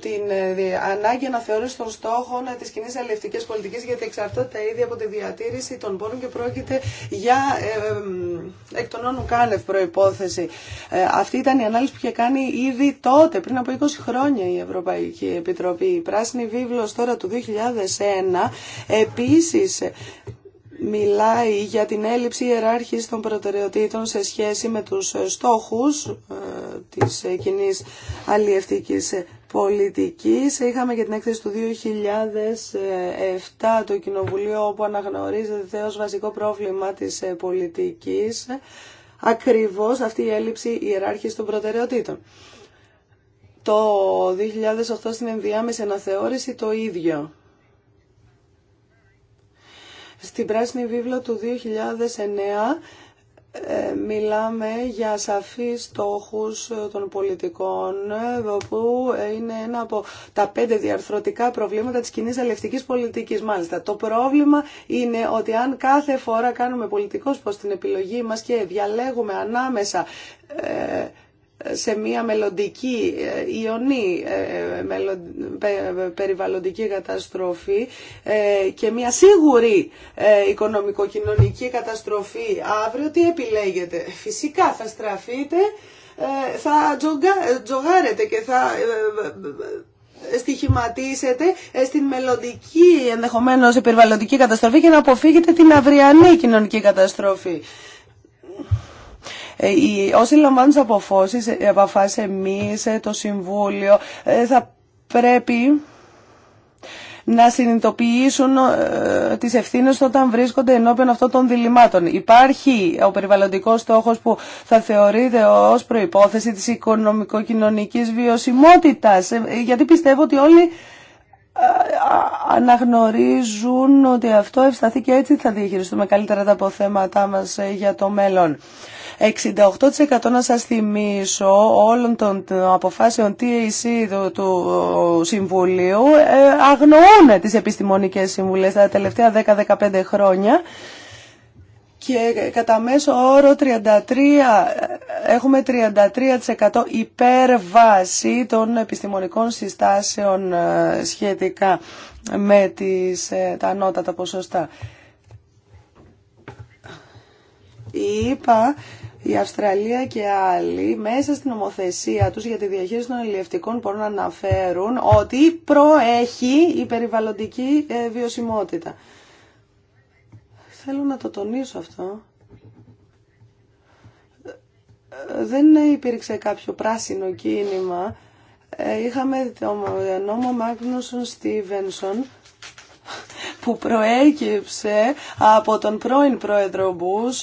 την ε, ανάγκη να τον στόχο στόχων της κοινής αλληλευτικής πολιτικής γιατί εξαρτάται ήδη από τη διατήρηση των πόρων και πρόκειται για ε, εκ των όνων κάνευ προϋπόθεση. Ε, αυτή ήταν η ανάλυση που είχε κάνει ήδη τότε πριν από 20 χρόνια η Ευρωπαϊκή Επιτροπή. Η πράσινη βίβλος τώρα του 2001 επίσης μιλάει για την έλλειψη ιεράρχης των προτεραιοτήτων σε σχέση με τους στόχους ε, της κοινή αλλιευτικής πολιτικής. Είχαμε και την έκθεση του 2007 το Κοινοβουλίο όπου αναγνωρίζεται ως βασικό πρόβλημα της πολιτικής ακριβώς αυτή η έλλειψη ιεράρχης των προτεραιοτήτων. Το 2008 στην ενδιάμεση αναθεώρηση το ίδιο. Στην Πράσινη Βίβλο του 2009 ε, μιλάμε για σαφείς στόχους ε, των πολιτικών ε, που είναι ένα από τα πέντε διαρθρωτικά προβλήματα της κοινής αλευτικής πολιτικής μάλιστα. Το πρόβλημα είναι ότι αν κάθε φορά κάνουμε πολιτικός προς την επιλογή μας και διαλέγουμε ανάμεσα σε μια μελλοντική ε, ιονή ε, ε, περιβαλλοντική καταστροφή και μια σίγουρη οικονομικοκοινωνική καταστροφή αύριο τι επιλέγετε. Φυσικά θα στραφείτε, θα τζογάρετε και θα στοιχηματίσετε στην μελλοντική ενδεχομένως περιβαλλοντική καταστροφή και να αποφύγετε την αυριανή κοινωνική καταστροφή. Ε, όσοι λαμβάνουν τις οι ε, αποφάσεις εμείς, ε, το Συμβούλιο, θα πρέπει να συνειδητοποιήσουν τις ευθύνες όταν βρίσκονται ενώπιον αυτών των διλημάτων. Υπάρχει ο περιβαλλοντικός στόχος που θα θεωρείται ως προϋπόθεση της οικονομικοκοινωνικής βιωσιμότητας, γιατί πιστεύω ότι όλοι αναγνωρίζουν ότι αυτό ευσταθεί και έτσι θα διαχειριστούμε καλύτερα τα αποθέματά μας για το μέλλον. 68% να σας θυμίσω όλων των αποφάσεων TAC του, του Συμβουλίου ε, αγνοούν τις επιστημονικές συμβουλές τα τελευταία 10-15 χρόνια και κατά μέσο όρο 33, ε, έχουμε 33% υπέρβαση των επιστημονικών συστάσεων ε, σχετικά με τις, τα ανώτατα ποσοστά. Είπα η Αυστραλία και άλλοι μέσα στην ομοθέσια τους για τη διαχείριση των ελληνευτικών μπορούν να αναφέρουν ότι προέχει η περιβαλλοντική ε, βιωσιμότητα. Θέλω να το τονίσω αυτό. Δεν υπήρξε κάποιο πράσινο κίνημα. Ε, είχαμε το νόμο Μάγνουσον Στίβενσον που προέκυψε από τον πρώην πρόεδρο Μπούς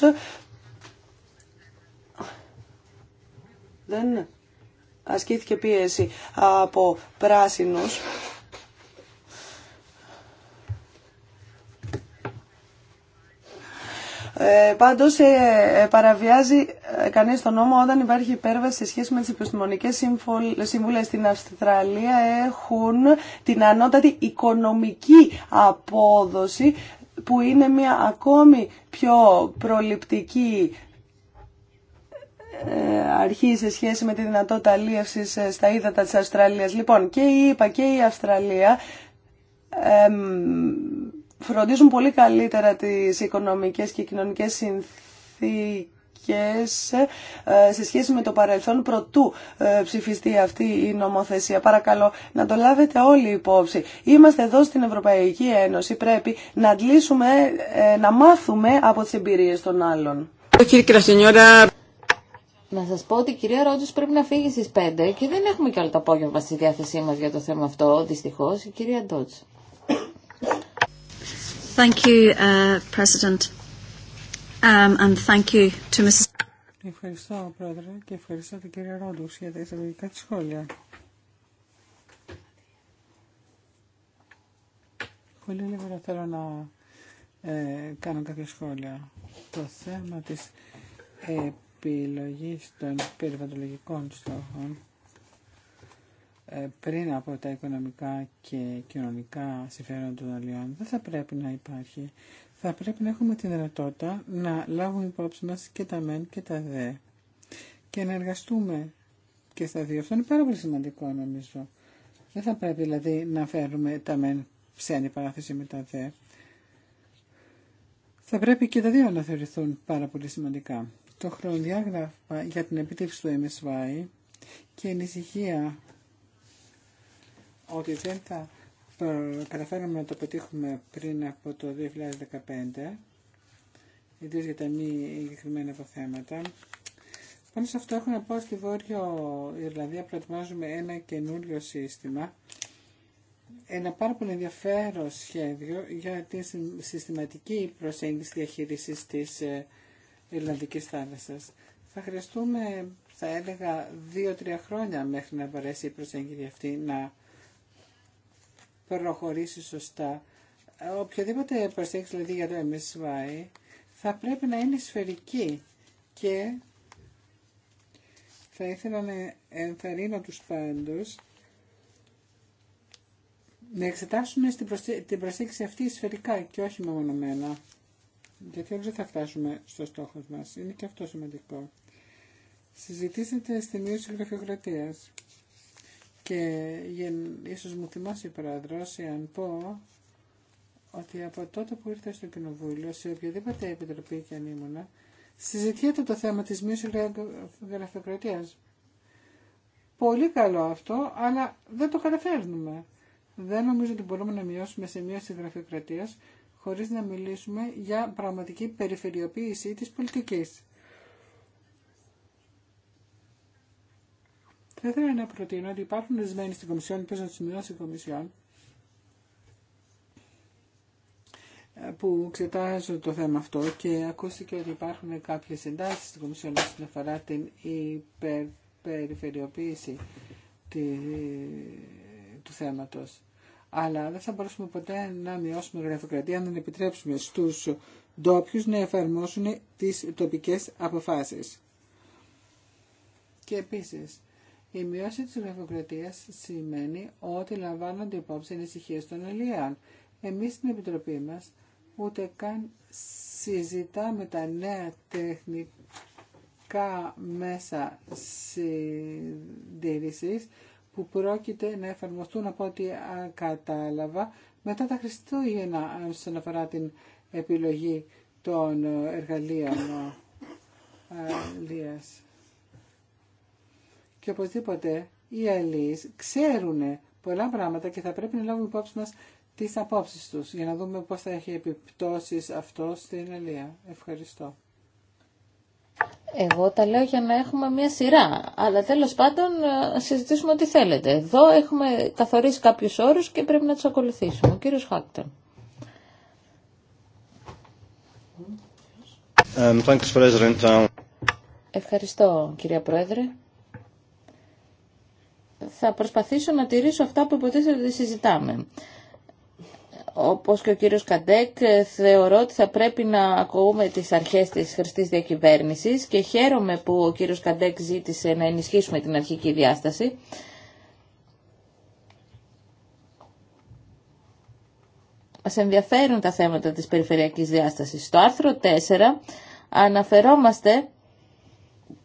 δεν ασκήθηκε πίεση από πράσινους Ε, Πάντω ε, ε, παραβιάζει ε, κανεί τον νόμο όταν υπάρχει υπέρβαση σε σχέση με τις επιστημονικέ συμβούλε στην Αυστραλία. Έχουν την ανώτατη οικονομική απόδοση που είναι μια ακόμη πιο προληπτική ε, αρχή σε σχέση με τη δυνατότητα αλίευσης ε, στα ύδατα της Αυστραλίας. Λοιπόν, και η ΕΠΑ και η Αυστραλία φροντίζουν πολύ καλύτερα τις οικονομικές και κοινωνικές συνθήκες ε, σε σχέση με το παρελθόν προτού ψηφιστεί αυτή η νομοθεσία. Παρακαλώ να το λάβετε όλοι υπόψη. Είμαστε εδώ στην Ευρωπαϊκή Ένωση. Πρέπει να αντλήσουμε, να μάθουμε από τις εμπειρίες των άλλων να σα πω ότι η κυρία Ρότζος πρέπει να φύγει στις 5 και δεν έχουμε και όλο το απόγευμα στη διάθεσή μα για το θέμα αυτό, δυστυχώ. Η κυρία Ντότζ. Thank you, uh, President. Um, and thank you to Mrs. Ευχαριστώ, Πρόεδρε, και ευχαριστώ την κυρία ρόντου για τα εισαγωγικά τη σχόλια. Πολύ λίγο θέλω να ε, κάνω κάποια σχόλια. Το θέμα της ε, επιλογή των περιβαλλοντικών στόχων ε, πριν από τα οικονομικά και κοινωνικά συμφέροντα των αλλιών δεν θα πρέπει να υπάρχει. Θα πρέπει να έχουμε την δυνατότητα να λάβουμε υπόψη μας και τα μεν και τα δε και να εργαστούμε και στα δύο. Αυτό είναι πάρα πολύ σημαντικό νομίζω. Δεν θα πρέπει δηλαδή να φέρουμε τα μεν σε ανυπαράθεση με τα δε. Θα πρέπει και τα δύο να θεωρηθούν πάρα πολύ σημαντικά το χρονοδιάγραφα για την επίτευξη του MSY και η ανησυχία ότι δεν θα καταφέρουμε να το πετύχουμε πριν από το 2015, ιδίως για τα μη εγκεκριμένα αποθέματα. Πάνω σε αυτό έχω να πω στη Βόρειο Ιρλανδία προετοιμάζουμε ένα καινούριο σύστημα, ένα πάρα πολύ ενδιαφέρον σχέδιο για τη συστηματική προσέγγιση διαχείρισης της ε, Ιρλανδικής θάλασσας. Θα χρειαστούμε, θα έλεγα, δύο-τρία χρόνια μέχρι να μπορέσει η προσέγγιση αυτή να προχωρήσει σωστά. Οποιοδήποτε προσέγγιση δηλαδή για το MSY θα πρέπει να είναι σφαιρική και θα ήθελα να ενθαρρύνω τους πάντους να εξετάσουμε την προσέγγιση αυτή σφαιρικά και όχι μεμονωμένα γιατί δεν θα φτάσουμε στο στόχο μας. Είναι και αυτό σημαντικό. Συζητήσατε στη μείωση γραφειοκρατίας και ίσως μου θυμάσαι η Πρόεδρος, εάν πω ότι από τότε που ήρθα στο Κοινοβούλιο, σε οποιαδήποτε επιτροπή και αν ήμουνα, συζητιέται το θέμα της μείωση γραφειοκρατίας. Πολύ καλό αυτό, αλλά δεν το καταφέρνουμε. Δεν νομίζω ότι μπορούμε να μειώσουμε σε μείωση γραφειοκρατίας χωρίς να μιλήσουμε για πραγματική περιφερειοποίηση της πολιτικής. Θα ήθελα να προτείνω ότι υπάρχουν ορισμένοι στην Κομισιόν, πες να σημειώσει η Κομισιόν, που εξετάζουν το θέμα αυτό και ακούστηκε ότι υπάρχουν κάποιες εντάσεις στην Κομισιόν όσον αφορά την υπερπεριφερειοποίηση του θέματος. Αλλά δεν θα μπορέσουμε ποτέ να μειώσουμε γραφειοκρατία αν δεν επιτρέψουμε στους ντόπιου να εφαρμόσουν τις τοπικές αποφάσεις. Και επίσης, η μείωση της γραφειοκρατίας σημαίνει ότι λαμβάνονται υπόψη ανησυχίε των Ελλήνων. Εμείς στην Επιτροπή μας ούτε καν συζητάμε τα νέα τεχνικά μέσα συντήρησης που πρόκειται να εφαρμοστούν από ό,τι κατάλαβα μετά τα Χριστούγεννα όσον αφορά την επιλογή των εργαλείων ε, λίας Και οπωσδήποτε οι αλίες ξέρουν πολλά πράγματα και θα πρέπει να λάβουμε υπόψη μας τις απόψεις τους για να δούμε πώς θα έχει επιπτώσεις αυτό στην αλία. Ευχαριστώ. Εγώ τα λέω για να έχουμε μια σειρά, αλλά τέλος πάντων ε, συζητήσουμε ό,τι θέλετε. Εδώ έχουμε καθορίσει κάποιους όρους και πρέπει να τους ακολουθήσουμε. Ο κύριος Χάκτον. Um, um, Ευχαριστώ κυρία Πρόεδρε. Θα προσπαθήσω να τηρήσω αυτά που υποτίθεται ότι συζητάμε. Όπως και ο κύριος Καντέκ, ε, θεωρώ ότι θα πρέπει να ακούμε τις αρχές της χρηστής διακυβέρνησης και χαίρομαι που ο κύριος Καντέκ ζήτησε να ενισχύσουμε την αρχική διάσταση. Μας ενδιαφέρουν τα θέματα της περιφερειακής διάστασης. Στο άρθρο 4 αναφερόμαστε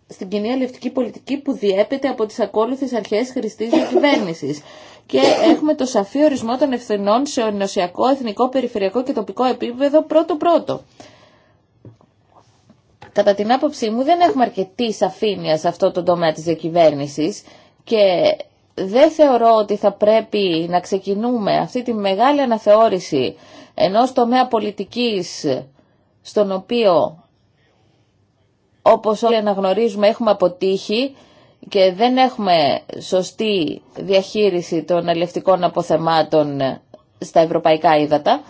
στην κοινή αλληλευτική πολιτική που διέπεται από τις ακόλουθες αρχές χρηστής διακυβέρνησης και έχουμε το σαφή ορισμό των ευθυνών σε ονοσιακό εθνικό, περιφερειακό και τοπικό επίπεδο πρώτο-πρώτο. Κατά την άποψή μου δεν έχουμε αρκετή σαφήνεια σε αυτό το τομέα της διακυβέρνησης και δεν θεωρώ ότι θα πρέπει να ξεκινούμε αυτή τη μεγάλη αναθεώρηση ενός τομέα πολιτικής στον οποίο όπως όλοι αναγνωρίζουμε έχουμε αποτύχει και δεν έχουμε σωστή διαχείριση των ελευτικών αποθεμάτων στα ευρωπαϊκά ύδατα,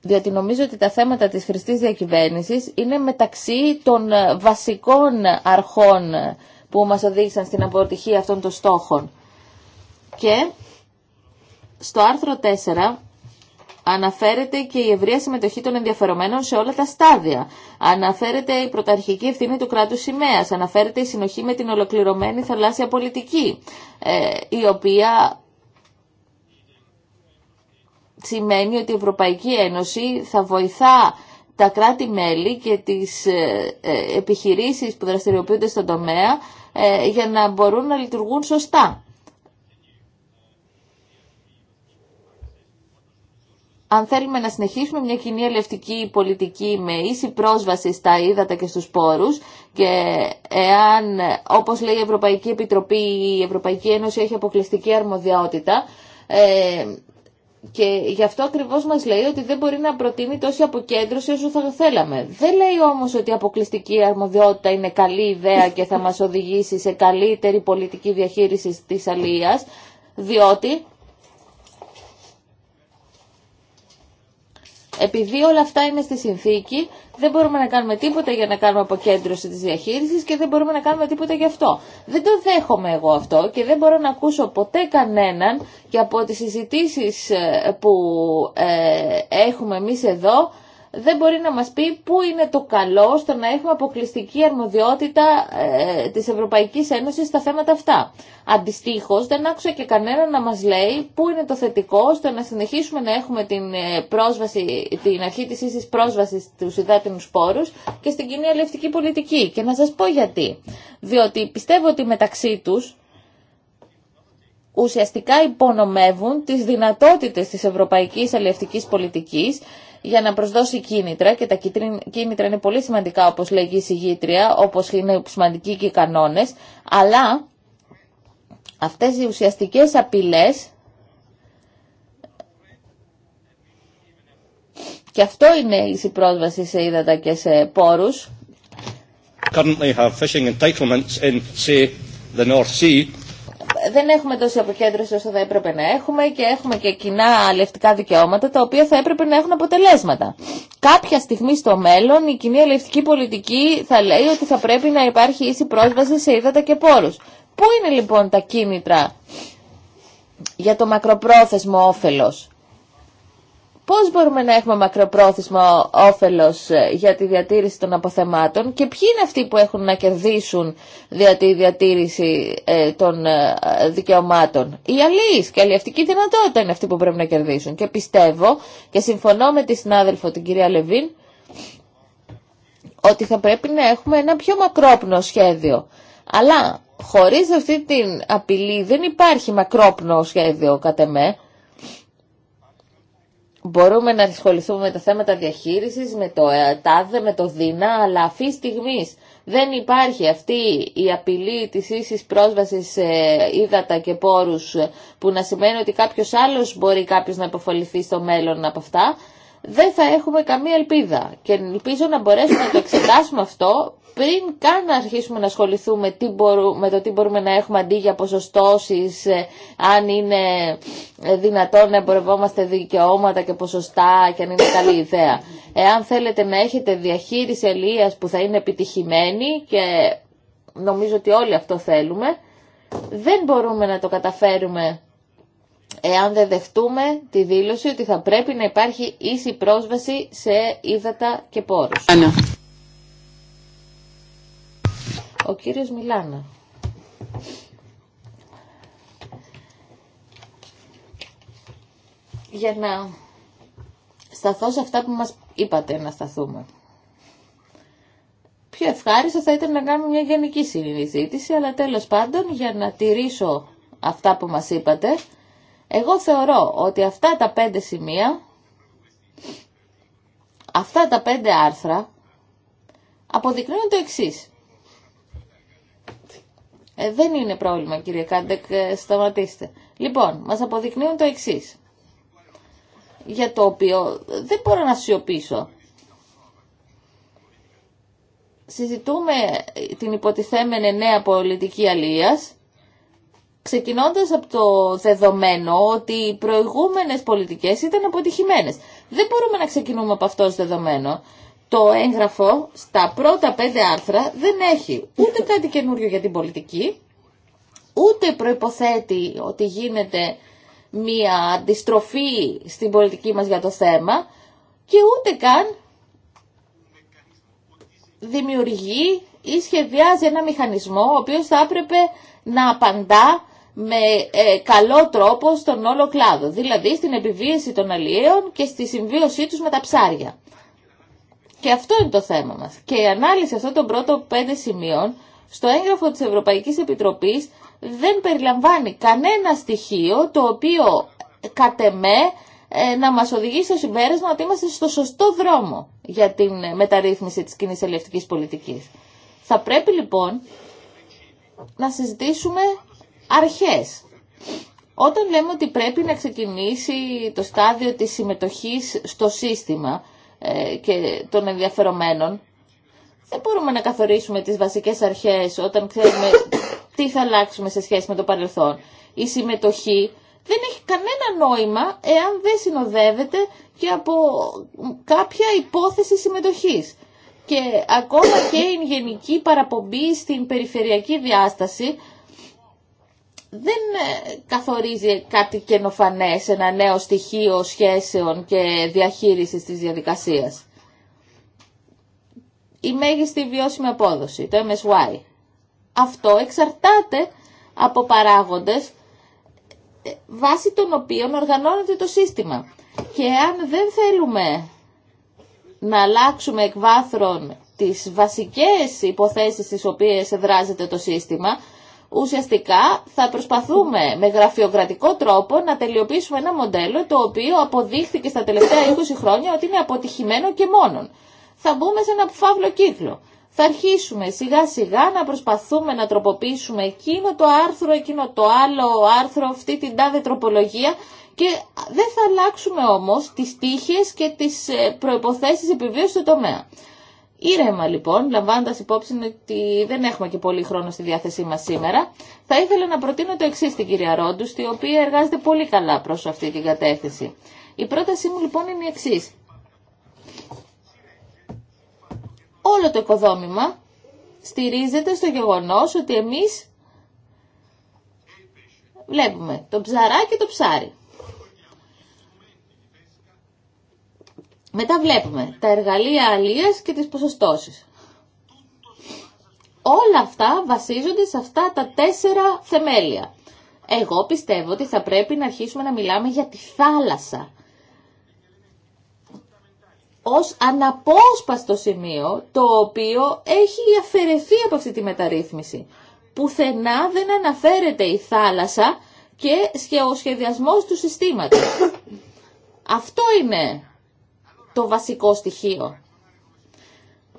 διότι νομίζω ότι τα θέματα της χρηστής διακυβέρνησης είναι μεταξύ των βασικών αρχών που μας οδήγησαν στην αποτυχία αυτών των στόχων. Και στο άρθρο 4 Αναφέρεται και η ευρεία συμμετοχή των ενδιαφερομένων σε όλα τα στάδια. Αναφέρεται η πρωταρχική ευθύνη του κράτου σημαία. Αναφέρεται η συνοχή με την ολοκληρωμένη θαλάσσια πολιτική, ε, η οποία σημαίνει ότι η Ευρωπαϊκή Ένωση θα βοηθά τα κράτη-μέλη και τις ε, ε, επιχειρήσεις που δραστηριοποιούνται στον τομέα για να μπορούν να λειτουργούν σωστά. αν θέλουμε να συνεχίσουμε μια κοινή ελευτική πολιτική με ίση πρόσβαση στα ύδατα και στους πόρους και εάν, όπως λέει η Ευρωπαϊκή Επιτροπή, η Ευρωπαϊκή Ένωση έχει αποκλειστική αρμοδιότητα ε, και γι' αυτό ακριβώς μας λέει ότι δεν μπορεί να προτείνει τόση αποκέντρωση όσο θα θέλαμε. Δεν λέει όμως ότι η αποκλειστική αρμοδιότητα είναι καλή ιδέα και θα μας οδηγήσει σε καλύτερη πολιτική διαχείριση της αλίας, διότι Επειδή όλα αυτά είναι στη συνθήκη, δεν μπορούμε να κάνουμε τίποτα για να κάνουμε αποκέντρωση τη διαχείριση και δεν μπορούμε να κάνουμε τίποτα γι' αυτό. Δεν το δέχομαι εγώ αυτό και δεν μπορώ να ακούσω ποτέ κανέναν και από τι συζητήσει ε, που ε, έχουμε εμεί εδώ δεν μπορεί να μας πει πού είναι το καλό στο να έχουμε αποκλειστική αρμοδιότητα ε, της Ευρωπαϊκής Ένωσης στα θέματα αυτά. Αντιστοίχως δεν άκουσα και κανένα να μας λέει πού είναι το θετικό στο να συνεχίσουμε να έχουμε την, ε, πρόσβαση, την αρχή της ίσης πρόσβασης στους υδάτινους πόρους και στην κοινή αλληλευτική πολιτική. Και να σας πω γιατί. Διότι πιστεύω ότι μεταξύ τους ουσιαστικά υπονομεύουν τις δυνατότητες της ευρωπαϊκής αλληλευτικής πολιτικής για να προσδώσει κίνητρα και τα κίνητρα είναι πολύ σημαντικά όπως λέγει η συγγήτρια, όπως είναι σημαντικοί και οι κανόνες, αλλά αυτές οι ουσιαστικές απειλές και αυτό είναι η συμπρόσβαση σε ύδατα και σε πόρους. Currently have fishing entitlements in, say, the North Sea δεν έχουμε τόση αποκέντρωση όσο θα έπρεπε να έχουμε και έχουμε και κοινά αλληλευτικά δικαιώματα τα οποία θα έπρεπε να έχουν αποτελέσματα. Κάποια στιγμή στο μέλλον η κοινή αλληλευτική πολιτική θα λέει ότι θα πρέπει να υπάρχει ίση πρόσβαση σε ύδατα και πόρους. Πού είναι λοιπόν τα κίνητρα για το μακροπρόθεσμο όφελος πώς μπορούμε να έχουμε μακροπρόθεσμο όφελος ε, για τη διατήρηση των αποθεμάτων και ποιοι είναι αυτοί που έχουν να κερδίσουν για τη διατήρηση ε, των ε, δικαιωμάτων. Οι αλληλείς και αλληλευτική δυνατότητα είναι αυτοί που πρέπει να κερδίσουν. Και πιστεύω και συμφωνώ με τη συνάδελφο την κυρία Λεβίν ότι θα πρέπει να έχουμε ένα πιο μακρόπνο σχέδιο. Αλλά χωρίς αυτή την απειλή δεν υπάρχει μακρόπνο σχέδιο κατά με μπορούμε να ασχοληθούμε με τα θέματα διαχείρισης, με το ε, ΤΑΔΕ, με το ΔΙΝΑ, αλλά αυτή στιγμή δεν υπάρχει αυτή η απειλή της ίσης πρόσβασης σε ύδατα και πόρους που να σημαίνει ότι κάποιος άλλος μπορεί κάποιος να υποφοληθεί στο μέλλον από αυτά, δεν θα έχουμε καμία ελπίδα. Και ελπίζω να μπορέσουμε να το εξετάσουμε αυτό πριν καν αρχίσουμε να ασχοληθούμε τι με το τι μπορούμε να έχουμε αντί για ποσοστώσεις, ε, αν είναι ε, δυνατόν να εμπορευόμαστε δικαιώματα και ποσοστά και αν είναι καλή ιδέα. Εάν θέλετε να έχετε διαχείριση ελίας που θα είναι επιτυχημένη και νομίζω ότι όλοι αυτό θέλουμε, δεν μπορούμε να το καταφέρουμε εάν δεν δεχτούμε τη δήλωση ότι θα πρέπει να υπάρχει ίση πρόσβαση σε ύδατα και πόρους. Ο κύριος Μιλάνα. Για να σταθώ σε αυτά που μας είπατε να σταθούμε. Πιο ευχάριστο θα ήταν να κάνουμε μια γενική συζήτηση, αλλά τέλος πάντων για να τηρήσω αυτά που μας είπατε, εγώ θεωρώ ότι αυτά τα πέντε σημεία, αυτά τα πέντε άρθρα, αποδεικνύουν το εξής. Ε, δεν είναι πρόβλημα κύριε Κάντεκ, ε, σταματήστε. Λοιπόν, μας αποδεικνύουν το εξή. για το οποίο ε, δεν μπορώ να σιωπήσω. Συζητούμε την υποτιθέμενη νέα πολιτική αλίας, ξεκινώντας από το δεδομένο ότι οι προηγούμενες πολιτικές ήταν αποτυχημένες. Δεν μπορούμε να ξεκινούμε από αυτό το δεδομένο το έγγραφο στα πρώτα πέντε άρθρα δεν έχει ούτε κάτι καινούριο για την πολιτική, ούτε προϋποθέτει ότι γίνεται μία αντιστροφή στην πολιτική μας για το θέμα και ούτε καν δημιουργεί ή σχεδιάζει ένα μηχανισμό ο οποίος θα έπρεπε να απαντά με ε, καλό τρόπο στον όλο κλάδο, δηλαδή στην επιβίωση των αλλιέων και στη συμβίωσή τους με τα ψάρια. Και αυτό είναι το θέμα μας. Και η ανάλυση αυτών των πρώτων πέντε σημείων στο έγγραφο της Ευρωπαϊκής Επιτροπής δεν περιλαμβάνει κανένα στοιχείο το οποίο κατ' εμέ ε, να μας οδηγήσει στο συμπέρασμα ότι είμαστε στο σωστό δρόμο για την ε, μεταρρύθμιση της κοινή ελευτικής πολιτικής. Θα πρέπει λοιπόν να συζητήσουμε αρχές. Όταν λέμε ότι πρέπει να ξεκινήσει το στάδιο της συμμετοχής στο σύστημα, ε, και των ενδιαφερομένων. Δεν μπορούμε να καθορίσουμε τις βασικές αρχές όταν ξέρουμε τι θα αλλάξουμε σε σχέση με το παρελθόν. Η συμμετοχή δεν έχει κανένα νόημα εάν δεν συνοδεύεται και από κάποια υπόθεση συμμετοχής. Και ακόμα και η γενική παραπομπή στην περιφερειακή διάσταση δεν ε, καθορίζει κάτι καινοφανές, ένα νέο στοιχείο σχέσεων και διαχείρισης της διαδικασίας. Η μέγιστη βιώσιμη απόδοση, το MSY. Αυτό εξαρτάται από παράγοντες ε, βάσει των οποίων οργανώνεται το σύστημα. Και αν δεν θέλουμε να αλλάξουμε εκ βάθρων τις βασικές υποθέσεις στις οποίες εδράζεται το σύστημα, ουσιαστικά θα προσπαθούμε με γραφειοκρατικό τρόπο να τελειοποιήσουμε ένα μοντέλο το οποίο αποδείχθηκε στα τελευταία 20 χρόνια ότι είναι αποτυχημένο και μόνον. Θα μπούμε σε ένα φαύλο κύκλο. Θα αρχίσουμε σιγά σιγά να προσπαθούμε να τροποποιήσουμε εκείνο το άρθρο, εκείνο το άλλο άρθρο, αυτή την τάδε τροπολογία και δεν θα αλλάξουμε όμως τις τύχες και τις ε, προϋποθέσεις επιβίωσης του τομέα. Ήρεμα λοιπόν, λαμβάνοντα υπόψη ότι δεν έχουμε και πολύ χρόνο στη διάθεσή μα σήμερα, θα ήθελα να προτείνω το εξή στην κυρία Ρόντου, η οποία εργάζεται πολύ καλά προς αυτή την κατεύθυνση. Η πρότασή μου λοιπόν είναι η εξή. Όλο το οικοδόμημα στηρίζεται στο γεγονός ότι εμείς βλέπουμε το ψαρά και το ψάρι. Μετά βλέπουμε τα εργαλεία αλίας και τις ποσοστώσεις. Όλα αυτά βασίζονται σε αυτά τα τέσσερα θεμέλια. Εγώ πιστεύω ότι θα πρέπει να αρχίσουμε να μιλάμε για τη θάλασσα ως αναπόσπαστο σημείο το οποίο έχει αφαιρεθεί από αυτή τη μεταρρύθμιση. Πουθενά δεν αναφέρεται η θάλασσα και ο σχεδιασμός του συστήματος. Αυτό είναι το βασικό στοιχείο.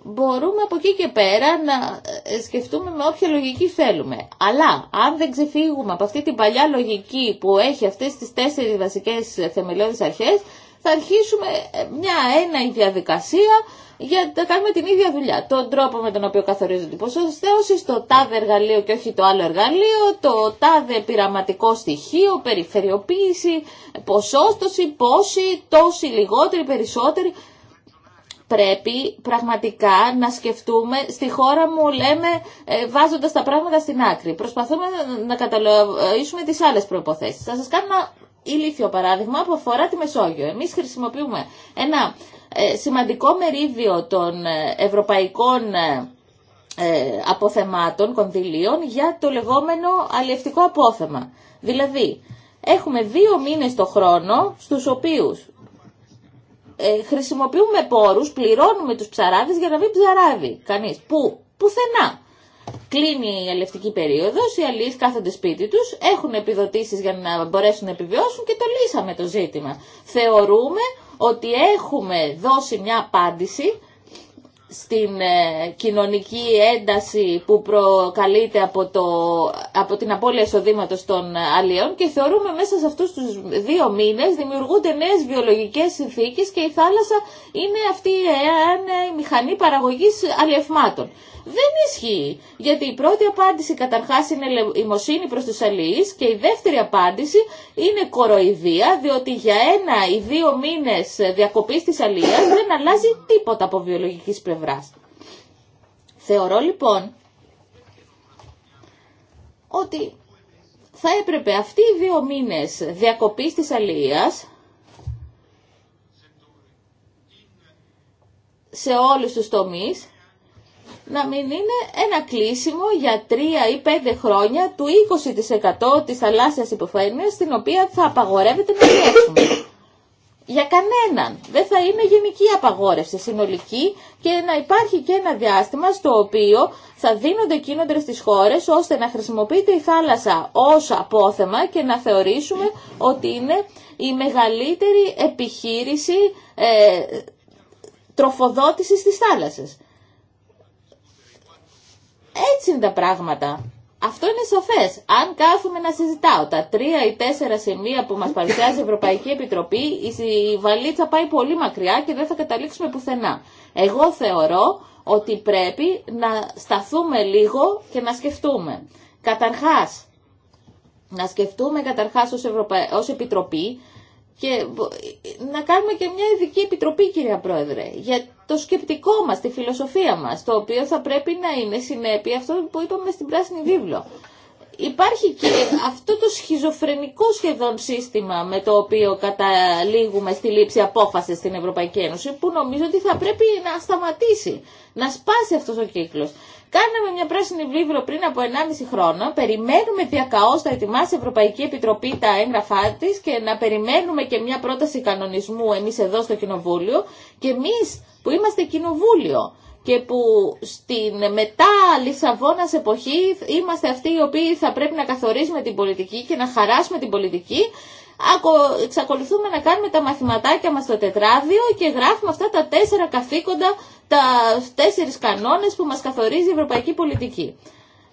Μπορούμε από εκεί και πέρα να ε, σκεφτούμε με όποια λογική θέλουμε. Αλλά αν δεν ξεφύγουμε από αυτή την παλιά λογική που έχει αυτές τις τέσσερις βασικές θεμελιώδεις αρχές, θα αρχίσουμε ε, μια ένα διαδικασία για να κάνουμε την ίδια δουλειά. Τον τρόπο με τον οποίο καθορίζονται οι ποσοστέωσει, το τάδε εργαλείο και όχι το άλλο εργαλείο, το τάδε πειραματικό στοιχείο, περιφερειοποίηση, ποσόστοση, πόση, τόση, λιγότερη, περισσότερη. Πρέπει πραγματικά να σκεφτούμε, στη χώρα μου λέμε βάζοντα ε, βάζοντας τα πράγματα στην άκρη. Προσπαθούμε να καταλογίσουμε τις άλλες προϋποθέσεις. Θα σας κάνω ένα ηλίθιο παράδειγμα που αφορά τη Μεσόγειο. Εμείς χρησιμοποιούμε ένα ε, σημαντικό μερίδιο των ε, ευρωπαϊκών ε, αποθεμάτων, κονδυλίων για το λεγόμενο αλλιευτικό απόθεμα. Δηλαδή, έχουμε δύο μήνες το χρόνο στους οποίους χρησιμοποιούμε πόρους, πληρώνουμε τους ψαράδες για να μην ψαράδι. κανείς. Πού? Πουθενά. Κλείνει η αλληλευτική περίοδος, οι αλληλείς κάθονται σπίτι τους, έχουν επιδοτήσεις για να μπορέσουν να επιβιώσουν και το λύσαμε το ζήτημα. Θεωρούμε ότι έχουμε δώσει μια απάντηση στην ε, κοινωνική ένταση που προκαλείται από, το, από την απώλεια εισοδήματο των αλλιών και θεωρούμε μέσα σε αυτούς τους δύο μήνες δημιουργούνται νέες βιολογικές συνθήκες και η θάλασσα είναι αυτή ε, η μηχανή παραγωγής αλλιευμάτων. Δεν ισχύει. Γιατί η πρώτη απάντηση καταρχά είναι ημοσύνη προς τους αλληλεί και η δεύτερη απάντηση είναι κοροϊδία, διότι για ένα ή δύο μήνες διακοπής της αλληλεία δεν αλλάζει τίποτα από βιολογικής πλευρά. Θεωρώ λοιπόν ότι θα έπρεπε αυτοί οι δύο μήνες διακοπής της αλληλείας σε όλους τους τομείς να μην είναι ένα κλείσιμο για τρία ή πέντε χρόνια του 20% της θαλάσσιας υποφέρειας στην οποία θα απαγορεύεται να δουλέψουμε. Για κανέναν. Δεν θα είναι γενική απαγόρευση, συνολική και να υπάρχει και ένα διάστημα στο οποίο θα δίνονται κίνοντρα στις χώρες ώστε να χρησιμοποιείται η θάλασσα ως απόθεμα και να θεωρήσουμε ότι είναι η μεγαλύτερη επιχείρηση ε, τροφοδότησης της θάλασσας. Έτσι είναι τα πράγματα. Αυτό είναι σαφέ. Αν κάθουμε να συζητάω τα τρία ή τέσσερα σημεία που μα παρουσιάζει η Ευρωπαϊκή Επιτροπή, η βαλίτσα πάει πολύ μακριά και δεν θα καταλήξουμε πουθενά. Εγώ θεωρώ ότι πρέπει να σταθούμε λίγο και να σκεφτούμε. Καταρχάς, να σκεφτούμε καταρχάς ω Ευρωπα... Επιτροπή και να κάνουμε και μια ειδική επιτροπή, κυρία Πρόεδρε, για το σκεπτικό μας, τη φιλοσοφία μας, το οποίο θα πρέπει να είναι συνέπεια αυτό που είπαμε στην Πράσινη Βίβλο. Υπάρχει και αυτό το σχιζοφρενικό σχεδόν σύστημα με το οποίο καταλήγουμε στη λήψη απόφασης στην Ευρωπαϊκή Ένωση που νομίζω ότι θα πρέπει να σταματήσει, να σπάσει αυτός ο κύκλος. Κάναμε μια πράσινη βίβλο πριν από 1,5 χρόνο. Περιμένουμε διακαώ να ετοιμάσει η Ευρωπαϊκή Επιτροπή τα έγγραφά τη και να περιμένουμε και μια πρόταση κανονισμού εμεί εδώ στο Κοινοβούλιο. Και εμεί που είμαστε Κοινοβούλιο και που στην μετά Λισαβόνα εποχή είμαστε αυτοί οι οποίοι θα πρέπει να καθορίσουμε την πολιτική και να χαράσουμε την πολιτική εξακολουθούμε να κάνουμε τα μαθηματάκια μας στο τετράδιο και γράφουμε αυτά τα τέσσερα καθήκοντα, τα τέσσερις κανόνες που μας καθορίζει η ευρωπαϊκή πολιτική.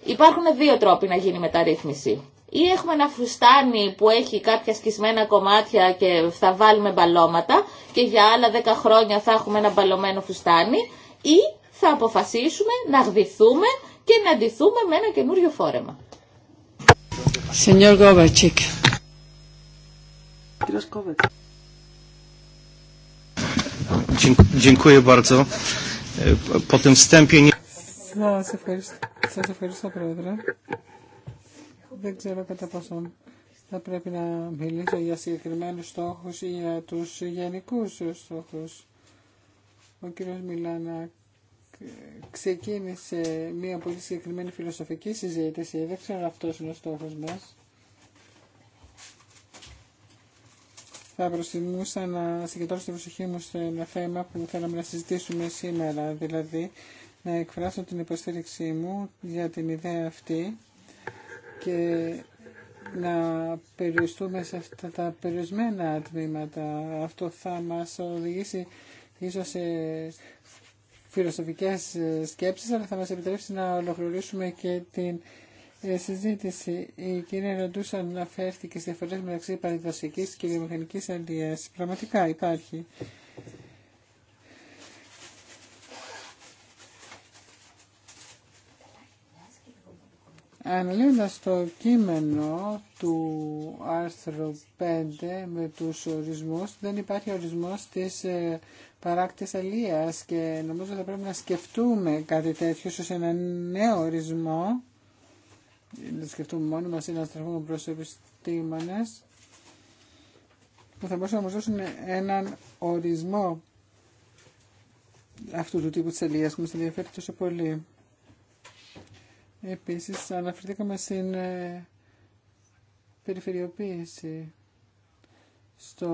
Υπάρχουν δύο τρόποι να γίνει μεταρρύθμιση. Ή έχουμε ένα φουστάνι που έχει κάποια σκισμένα κομμάτια και θα βάλουμε μπαλώματα και για άλλα δέκα χρόνια θα έχουμε ένα μπαλωμένο φουστάνι ή θα αποφασίσουμε να γδυθούμε και να αντιθούμε με ένα καινούριο φόρεμα. Señor Σα Σας ευχαριστώ. Πρόεδρε. Δεν ξέρω κατά πόσο θα πρέπει να μιλήσω για συγκεκριμένους στόχους ή για τους γενικούς στόχους. Ο κύριος Μιλάνα ξεκίνησε μία πολύ συγκεκριμένη φιλοσοφική συζήτηση. Δεν ξέρω αυτός είναι ο στόχος μας. θα προστιμούσα να συγκεντρώσω την προσοχή μου σε ένα θέμα που θέλαμε να συζητήσουμε σήμερα, δηλαδή να εκφράσω την υποστήριξή μου για την ιδέα αυτή και να περιοριστούμε σε αυτά τα περιορισμένα τμήματα. Αυτό θα μας οδηγήσει ίσως σε φιλοσοφικές σκέψεις, αλλά θα μας επιτρέψει να ολοκληρώσουμε και την ε, συζήτηση. Η κυρία Ροντούσα αναφέρθηκε στι διαφορέ μεταξύ παραδοσιακή και βιομηχανική αλληλεία. Πραγματικά υπάρχει. Αναλύοντα το κείμενο του άρθρου 5 με τους ορισμούς, δεν υπάρχει ορισμός της ε, παράκτης αλίας και νομίζω θα πρέπει να σκεφτούμε κάτι τέτοιο σε ένα νέο ορισμό να σκεφτούμε μόνοι μας ή να στραφούμε προς επιστήμονες που θα μπορούσαν να μας δώσουν έναν ορισμό αυτού του τύπου της ελίας που μας ενδιαφέρει τόσο πολύ. Επίσης αναφερθήκαμε στην ε, περιφερειοποίηση. Στο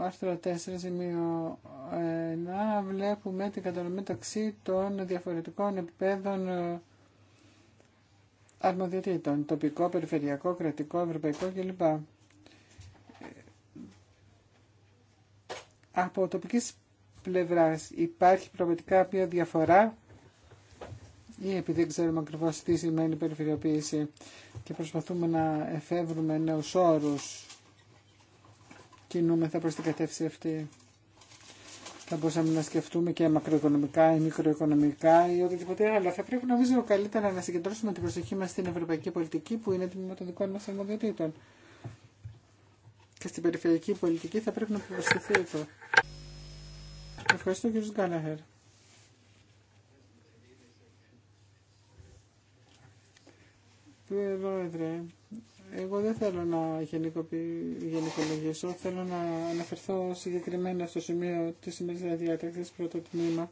άρθρο 4 σημείο 1 βλέπουμε την κατανομή μεταξύ των διαφορετικών επίπεδων ε, αρμοδιοτήτων, τοπικό, περιφερειακό, κρατικό, ευρωπαϊκό κλπ. Από τοπικής πλευράς υπάρχει πραγματικά μια διαφορά ή επειδή δεν ξέρουμε ακριβώ τι σημαίνει περιφερειοποίηση και προσπαθούμε να εφεύρουμε νέους όρους κινούμεθα προς την κατεύθυνση αυτή θα μπορούσαμε να σκεφτούμε και μακροοικονομικά ή μικροοικονομικά ή οτιδήποτε άλλο. Θα πρέπει νομίζω καλύτερα να συγκεντρώσουμε την προσοχή μας στην ευρωπαϊκή πολιτική που είναι τμήμα των δικών μας αρμοδιοτήτων. Και στην περιφερειακή πολιτική θα πρέπει να προσθεθεί αυτό. Ευχαριστώ κύριο Γκάλαχερ. Πρόεδρε, εγώ δεν θέλω να γενικολογήσω, θέλω να αναφερθώ συγκεκριμένα στο σημείο της σημερινής διάταξης, πρώτο τμήμα.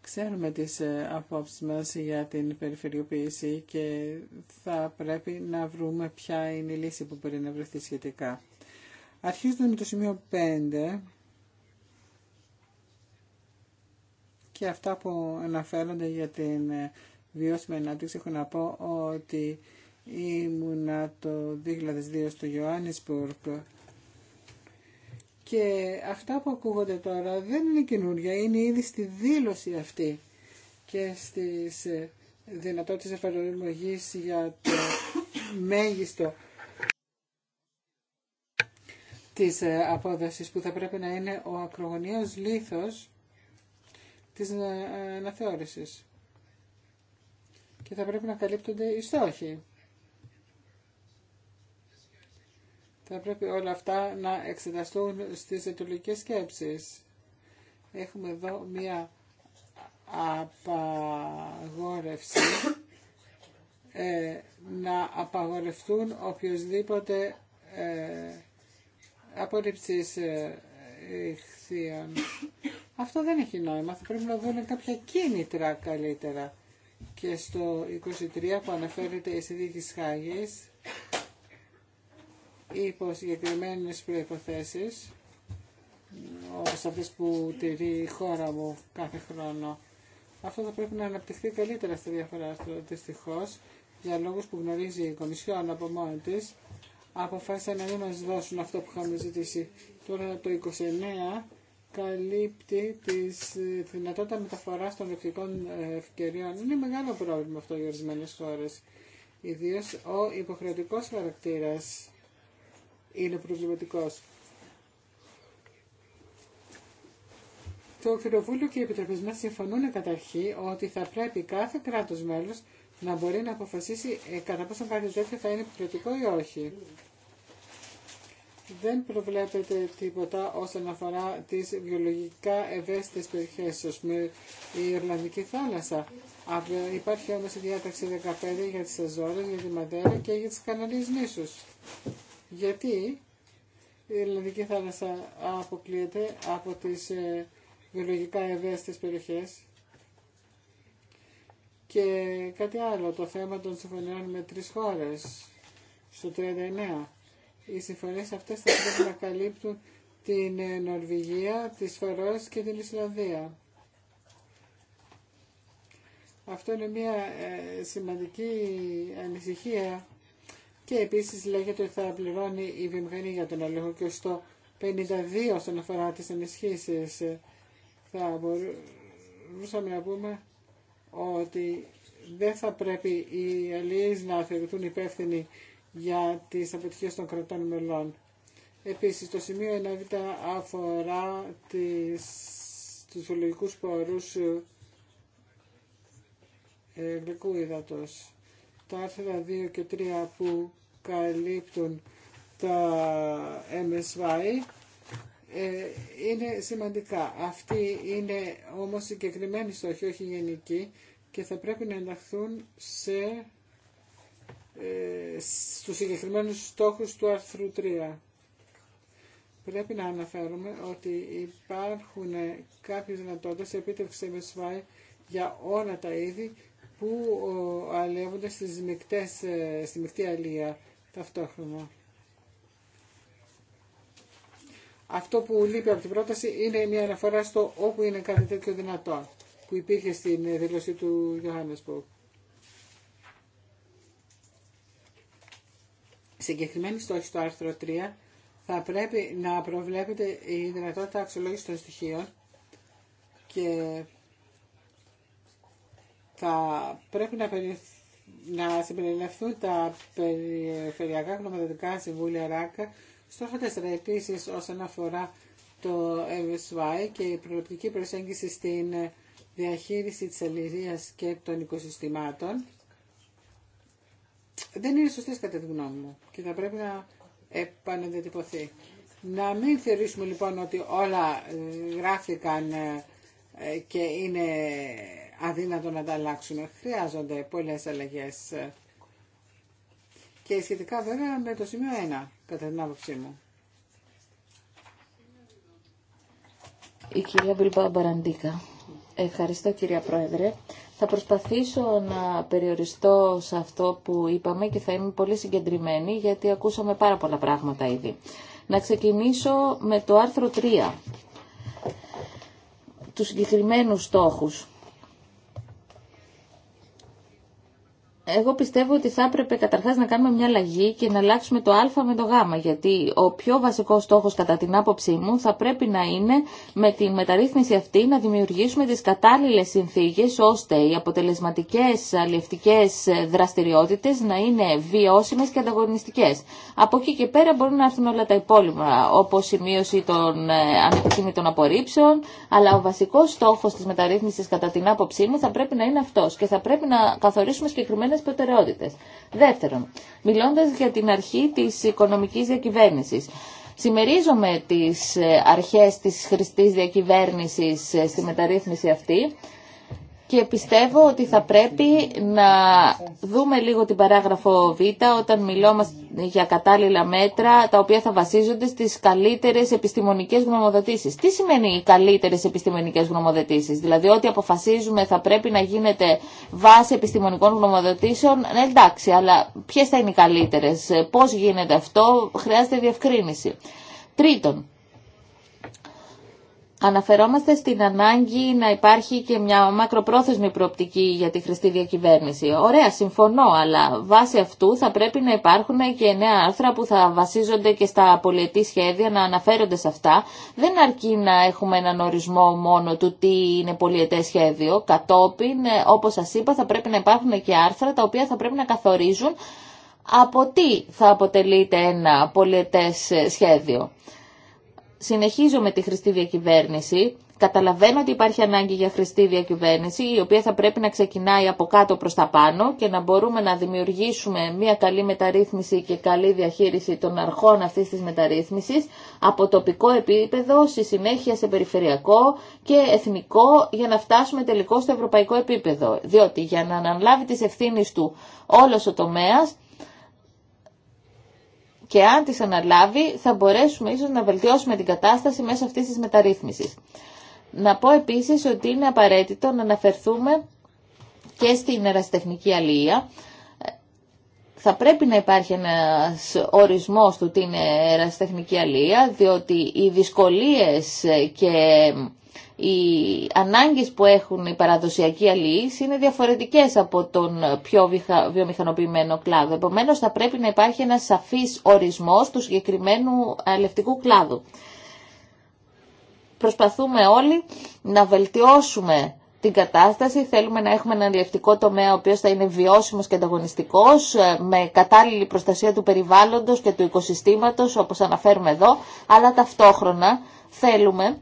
Ξέρουμε τις ε, απόψεις μας για την περιφερειοποίηση και θα πρέπει να βρούμε ποια είναι η λύση που μπορεί να βρεθεί σχετικά. Αρχίζοντας με το σημείο 5, και αυτά που αναφέρονται για την ε, βιώσιμη ανάπτυξη έχω να πω ότι ήμουνα το 2002 στο Ιωάννησπουργκ και αυτά που ακούγονται τώρα δεν είναι καινούργια, είναι ήδη στη δήλωση αυτή και στις ε, δυνατότητες εφαρμογής για το μέγιστο της ε, απόδοσης που θα πρέπει να είναι ο ακρογωνίος λίθος της ε, ε, αναθεώρησης. Και θα πρέπει να καλύπτονται οι στόχοι. Θα πρέπει όλα αυτά να εξεταστούν στις ετουλικές σκέψεις. Έχουμε εδώ μία απαγόρευση ε, να απαγορευτούν οποιοδήποτε ε, απορριψεις ε, αυτό δεν έχει νόημα. Θα πρέπει να δούμε κάποια κίνητρα καλύτερα. Και στο 23 που αναφέρεται η συνθήκη της Χάγης, υπό συγκεκριμένε προϋποθέσεις, όπως αυτές που τηρεί η χώρα μου κάθε χρόνο. Αυτό θα πρέπει να αναπτυχθεί καλύτερα στη διαφορά του. Δυστυχώ, για λόγους που γνωρίζει η Κομισιόν από μόνη τη, αποφάσισαν να μην μα δώσουν αυτό που είχαμε ζητήσει. Τώρα το 29 καλύπτει ε, τη δυνατότητα μεταφοράς των δεκτικών ε, ευκαιριών. Είναι μεγάλο πρόβλημα αυτό για ορισμένε χώρε. Ιδίω ο υποχρεωτικό χαρακτήρας είναι προβληματικό. Το Κοινοβούλιο και οι Επιτροπές μας συμφωνούν καταρχή ότι θα πρέπει κάθε κράτος μέλο να μπορεί να αποφασίσει ε, κατά πόσο κάτι τέτοιο θα είναι υποχρεωτικό ή όχι δεν προβλέπεται τίποτα όσον αφορά τις βιολογικά ευαίσθητες περιοχές, ως με η Ιρλανδική θάλασσα. Υπάρχει όμως η διάταξη 15 για τις Αζόρες, για τη Μαντέρα και για τις καναλίες νήσους. Γιατί η Ιρλανδική θάλασσα αποκλείεται από τις ε, βιολογικά ευαίσθητες περιοχές. Και κάτι άλλο, το θέμα των συμφωνιών με τρεις χώρες, στο 39 οι συμφωνίε αυτές θα πρέπει να καλύπτουν την ε, Νορβηγία, τις Φαρόε και την Ισλανδία. Αυτό είναι μια ε, σημαντική ανησυχία και επίσης λέγεται ότι θα πληρώνει η βιομηχανία για τον έλεγχο και στο 52 όσον αφορά τις ενισχύσεις θα μπορούσαμε να πούμε ότι δεν θα πρέπει οι αλληλείς να θεωρηθούν υπεύθυνοι για τις αποτυχίες των κρατών μελών. Επίσης, το σημείο 1β αφορά του τους βιολογικούς πόρους ε, γλυκού υδατός. Τα άρθρα 2 και 3 που καλύπτουν τα MSY ε, είναι σημαντικά. Αυτή είναι όμως συγκεκριμένη στόχη, όχι γενική, και θα πρέπει να ενταχθούν σε ε, στους συγκεκριμένους στόχους του άρθρου 3. Πρέπει να αναφέρουμε ότι υπάρχουν κάποιες δυνατότητες επίτευξης MSY για όλα τα είδη που αλλιεύονται στις μικτές, ε, στη μεικτή αλία ταυτόχρονα. Αυτό που λείπει από την πρόταση είναι μια αναφορά στο όπου είναι κάτι τέτοιο δυνατό που υπήρχε στην δήλωση του Johannesburg. συγκεκριμένη στόχη στο άρθρο 3 θα πρέπει να προβλέπεται η δυνατότητα αξιολόγηση των στοιχείων και θα πρέπει να, περι... να συμπεριληφθούν τα περιφερειακά γνωματικά συμβούλια ΡΑΚΑ στο 4 επίσης όσον αφορά το MSY και η προληπτική προσέγγιση στην διαχείριση της αλληλείας και των οικοσυστημάτων δεν είναι σωστές κατά τη γνώμη μου και θα πρέπει να επαναδιατυπωθεί. Να μην θεωρήσουμε λοιπόν ότι όλα ε, γράφηκαν ε, και είναι αδύνατο να τα αλλάξουμε. Χρειάζονται πολλές αλλαγές. Και σχετικά βέβαια με το σημείο 1, κατά την άποψή μου. Η κυρία Μπαραντίκα. Ευχαριστώ κυρία Πρόεδρε. Θα προσπαθήσω να περιοριστώ σε αυτό που είπαμε και θα είμαι πολύ συγκεντρημένη γιατί ακούσαμε πάρα πολλά πράγματα ήδη. Να ξεκινήσω με το άρθρο 3, τους συγκεκριμένους στόχους. εγώ πιστεύω ότι θα έπρεπε καταρχά να κάνουμε μια αλλαγή και να αλλάξουμε το α με το γ, γιατί ο πιο βασικό στόχο κατά την άποψή μου θα πρέπει να είναι με τη μεταρρύθμιση αυτή να δημιουργήσουμε τι κατάλληλε συνθήκε, ώστε οι αποτελεσματικέ αλληλευτικέ δραστηριότητε, να είναι βιώσιμε και ανταγωνιστικέ. Από εκεί και πέρα μπορούν να έρθουν όλα τα υπόλοιπα, όπω η μείωση των ε, ανεπιθύμητων απορρίψεων, αλλά ο βασικό στόχο τη μεταρρύθμιση, κατά την άποψή μου θα πρέπει να είναι αυτό. και θα πρέπει να καθορίσουμε συγκεκριμένε συγκεκριμένες Δεύτερον, μιλώντας για την αρχή της οικονομικής διακυβέρνησης. Συμμερίζομαι τις ε, αρχές της χρηστής διακυβέρνησης ε, στη μεταρρύθμιση αυτή, και πιστεύω ότι θα πρέπει να δούμε λίγο την παράγραφο Β όταν μιλόμαστε για κατάλληλα μέτρα τα οποία θα βασίζονται στις καλύτερες επιστημονικές γνωμοδοτήσεις. Τι σημαίνει οι καλύτερες επιστημονικές γνωμοδοτήσεις, δηλαδή ότι αποφασίζουμε θα πρέπει να γίνεται βάση επιστημονικών γνωμοδοτήσεων, ναι, εντάξει, αλλά ποιες θα είναι οι καλύτερες, πώς γίνεται αυτό, χρειάζεται διευκρίνηση. Τρίτον, Αναφερόμαστε στην ανάγκη να υπάρχει και μια μακροπρόθεσμη προοπτική για τη χρηστή διακυβέρνηση. Ωραία, συμφωνώ, αλλά βάσει αυτού θα πρέπει να υπάρχουν και νέα άρθρα που θα βασίζονται και στα πολιετή σχέδια να αναφέρονται σε αυτά. Δεν αρκεί να έχουμε έναν ορισμό μόνο του τι είναι πολιετέ σχέδιο. Κατόπιν, ε, όπως σας είπα, θα πρέπει να υπάρχουν και άρθρα τα οποία θα πρέπει να καθορίζουν από τι θα αποτελείται ένα πολιετές ε, σχέδιο συνεχίζω με τη χρηστή διακυβέρνηση. Καταλαβαίνω ότι υπάρχει ανάγκη για χρηστή διακυβέρνηση, η οποία θα πρέπει να ξεκινάει από κάτω προς τα πάνω και να μπορούμε να δημιουργήσουμε μια καλή μεταρρύθμιση και καλή διαχείριση των αρχών αυτής της μεταρρύθμισης από τοπικό επίπεδο, στη συνέχεια σε περιφερειακό και εθνικό για να φτάσουμε τελικώς στο ευρωπαϊκό επίπεδο. Διότι για να αναλάβει τις ευθύνες του όλος ο τομέας και αν τις αναλάβει θα μπορέσουμε ίσως να βελτιώσουμε την κατάσταση μέσα αυτής της μεταρρύθμισης. Να πω επίσης ότι είναι απαραίτητο να αναφερθούμε και στην ερασιτεχνική αλληλεία. Θα πρέπει να υπάρχει ένας ορισμός του τι είναι ερασιτεχνική αλληλεία, διότι οι δυσκολίες και οι ανάγκες που έχουν οι παραδοσιακοί αλληλείς είναι διαφορετικές από τον πιο βιομηχανοποιημένο κλάδο. Επομένως θα πρέπει να υπάρχει ένας σαφής ορισμός του συγκεκριμένου αλληλευτικού κλάδου. Προσπαθούμε όλοι να βελτιώσουμε την κατάσταση. Θέλουμε να έχουμε ένα αλληλευτικό τομέα ο οποίος θα είναι βιώσιμος και ανταγωνιστικός ε, με κατάλληλη προστασία του περιβάλλοντος και του οικοσυστήματος όπως αναφέρουμε εδώ αλλά ταυτόχρονα θέλουμε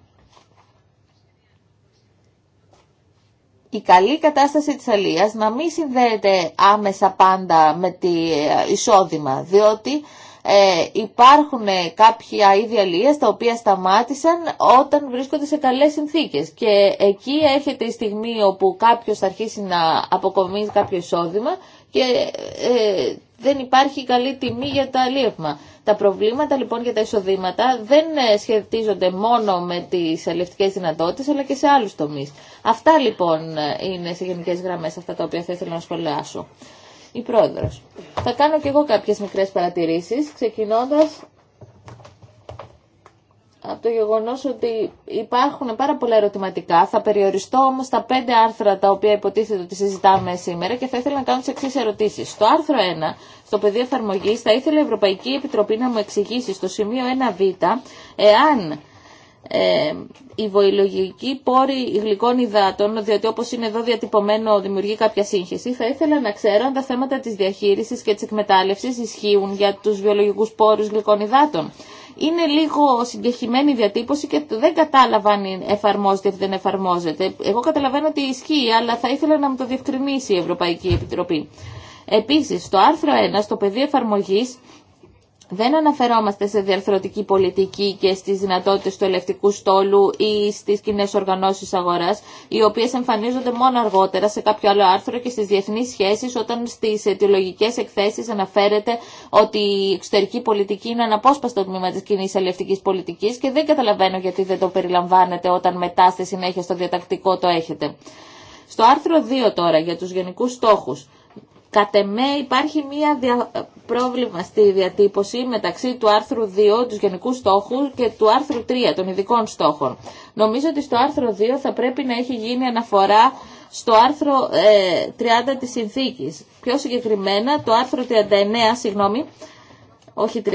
η καλή κατάσταση της αλίας να μην συνδέεται άμεσα πάντα με τη ε, εισόδημα, διότι ε, υπάρχουν κάποια είδη τα οποία σταμάτησαν όταν βρίσκονται σε καλές συνθήκες και εκεί έρχεται η στιγμή όπου κάποιος θα αρχίσει να αποκομίζει κάποιο εισόδημα και ε, δεν υπάρχει καλή τιμή για το αλίευμα. Τα προβλήματα λοιπόν για τα εισοδήματα δεν ε, σχετίζονται μόνο με τις αλληλευτικές δυνατότητε, αλλά και σε άλλους τομείς. Αυτά λοιπόν ε, είναι σε γενικέ γραμμές αυτά τα οποία θα ήθελα να σχολιάσω. Η πρόεδρο. Θα κάνω και εγώ κάποιες μικρές παρατηρήσεις ξεκινώντα από το γεγονός ότι υπάρχουν πάρα πολλά ερωτηματικά. Θα περιοριστώ όμως τα πέντε άρθρα τα οποία υποτίθεται ότι συζητάμε σήμερα και θα ήθελα να κάνω τις εξής ερωτήσεις. Στο άρθρο 1, στο πεδίο εφαρμογή, θα ήθελε η Ευρωπαϊκή Επιτροπή να μου εξηγήσει στο σημείο 1β εάν ε, η βοηλογική πόρη γλυκών υδάτων, διότι όπως είναι εδώ διατυπωμένο δημιουργεί κάποια σύγχυση, θα ήθελα να ξέρω αν τα θέματα της διαχείρισης και της εκμετάλλευσης ισχύουν για τους βιολογικούς πόρους γλυκών είναι λίγο συγκεχημένη η διατύπωση και δεν κατάλαβα αν εφαρμόζεται ή δεν εφαρμόζεται. Εγώ καταλαβαίνω ότι ισχύει, αλλά θα ήθελα να μου το διευκρινίσει η Ευρωπαϊκή Επιτροπή. Επίσης, στο άρθρο 1, στο πεδίο εφαρμογής, δεν αναφερόμαστε σε διαρθρωτική πολιτική και στις δυνατότητες του ελευτικού στόλου ή στις κοινέ οργανώσεις αγοράς, οι οποίες εμφανίζονται μόνο αργότερα σε κάποιο άλλο άρθρο και στις διεθνείς σχέσεις όταν στις αιτιολογικές εκθέσεις αναφέρεται ότι η εξωτερική πολιτική είναι αναπόσπαστο τμήμα της κοινή ελευτικής πολιτικής και δεν καταλαβαίνω γιατί δεν το περιλαμβάνετε όταν μετά στη συνέχεια στο διατακτικό το έχετε. Στο άρθρο 2 τώρα για τους γενικούς στόχους. Κατ' εμέ υπάρχει μία πρόβλημα στη διατύπωση μεταξύ του άρθρου 2, του γενικού στόχου και του άρθρου 3, των ειδικών στόχων. Νομίζω ότι στο άρθρο 2 θα πρέπει να έχει γίνει αναφορά στο άρθρο 30 ε, της συνθήκης. Πιο συγκεκριμένα το άρθρο 39, συγγνώμη, όχι 30, 39,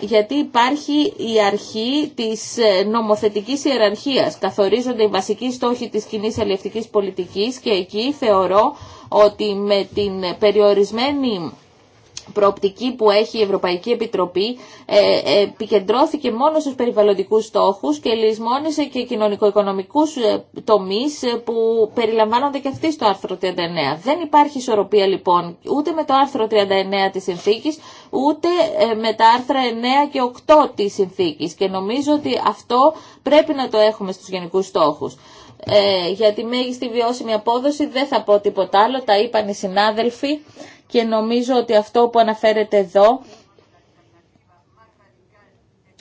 γιατί υπάρχει η αρχή της ε, νομοθετικής ιεραρχίας. Καθορίζονται οι βασικοί στόχοι της κοινή αλληλευτικής πολιτικής και εκεί θεωρώ ότι με την περιορισμένη προοπτική που έχει η Ευρωπαϊκή Επιτροπή ε, επικεντρώθηκε μόνο στους περιβαλλοντικούς στόχους και λυσμόνισε και κοινωνικο-οικονομικούς ε, τομείς ε, που περιλαμβάνονται και αυτοί στο άρθρο 39. Δεν υπάρχει ισορροπία λοιπόν ούτε με το άρθρο 39 της συνθήκης ούτε ε, με τα άρθρα 9 και 8 της συνθήκης και νομίζω ότι αυτό πρέπει να το έχουμε στους γενικούς στόχους ε, για τη μέγιστη βιώσιμη απόδοση δεν θα πω τίποτα άλλο, τα είπαν οι συνάδελφοι και νομίζω ότι αυτό που αναφέρεται εδώ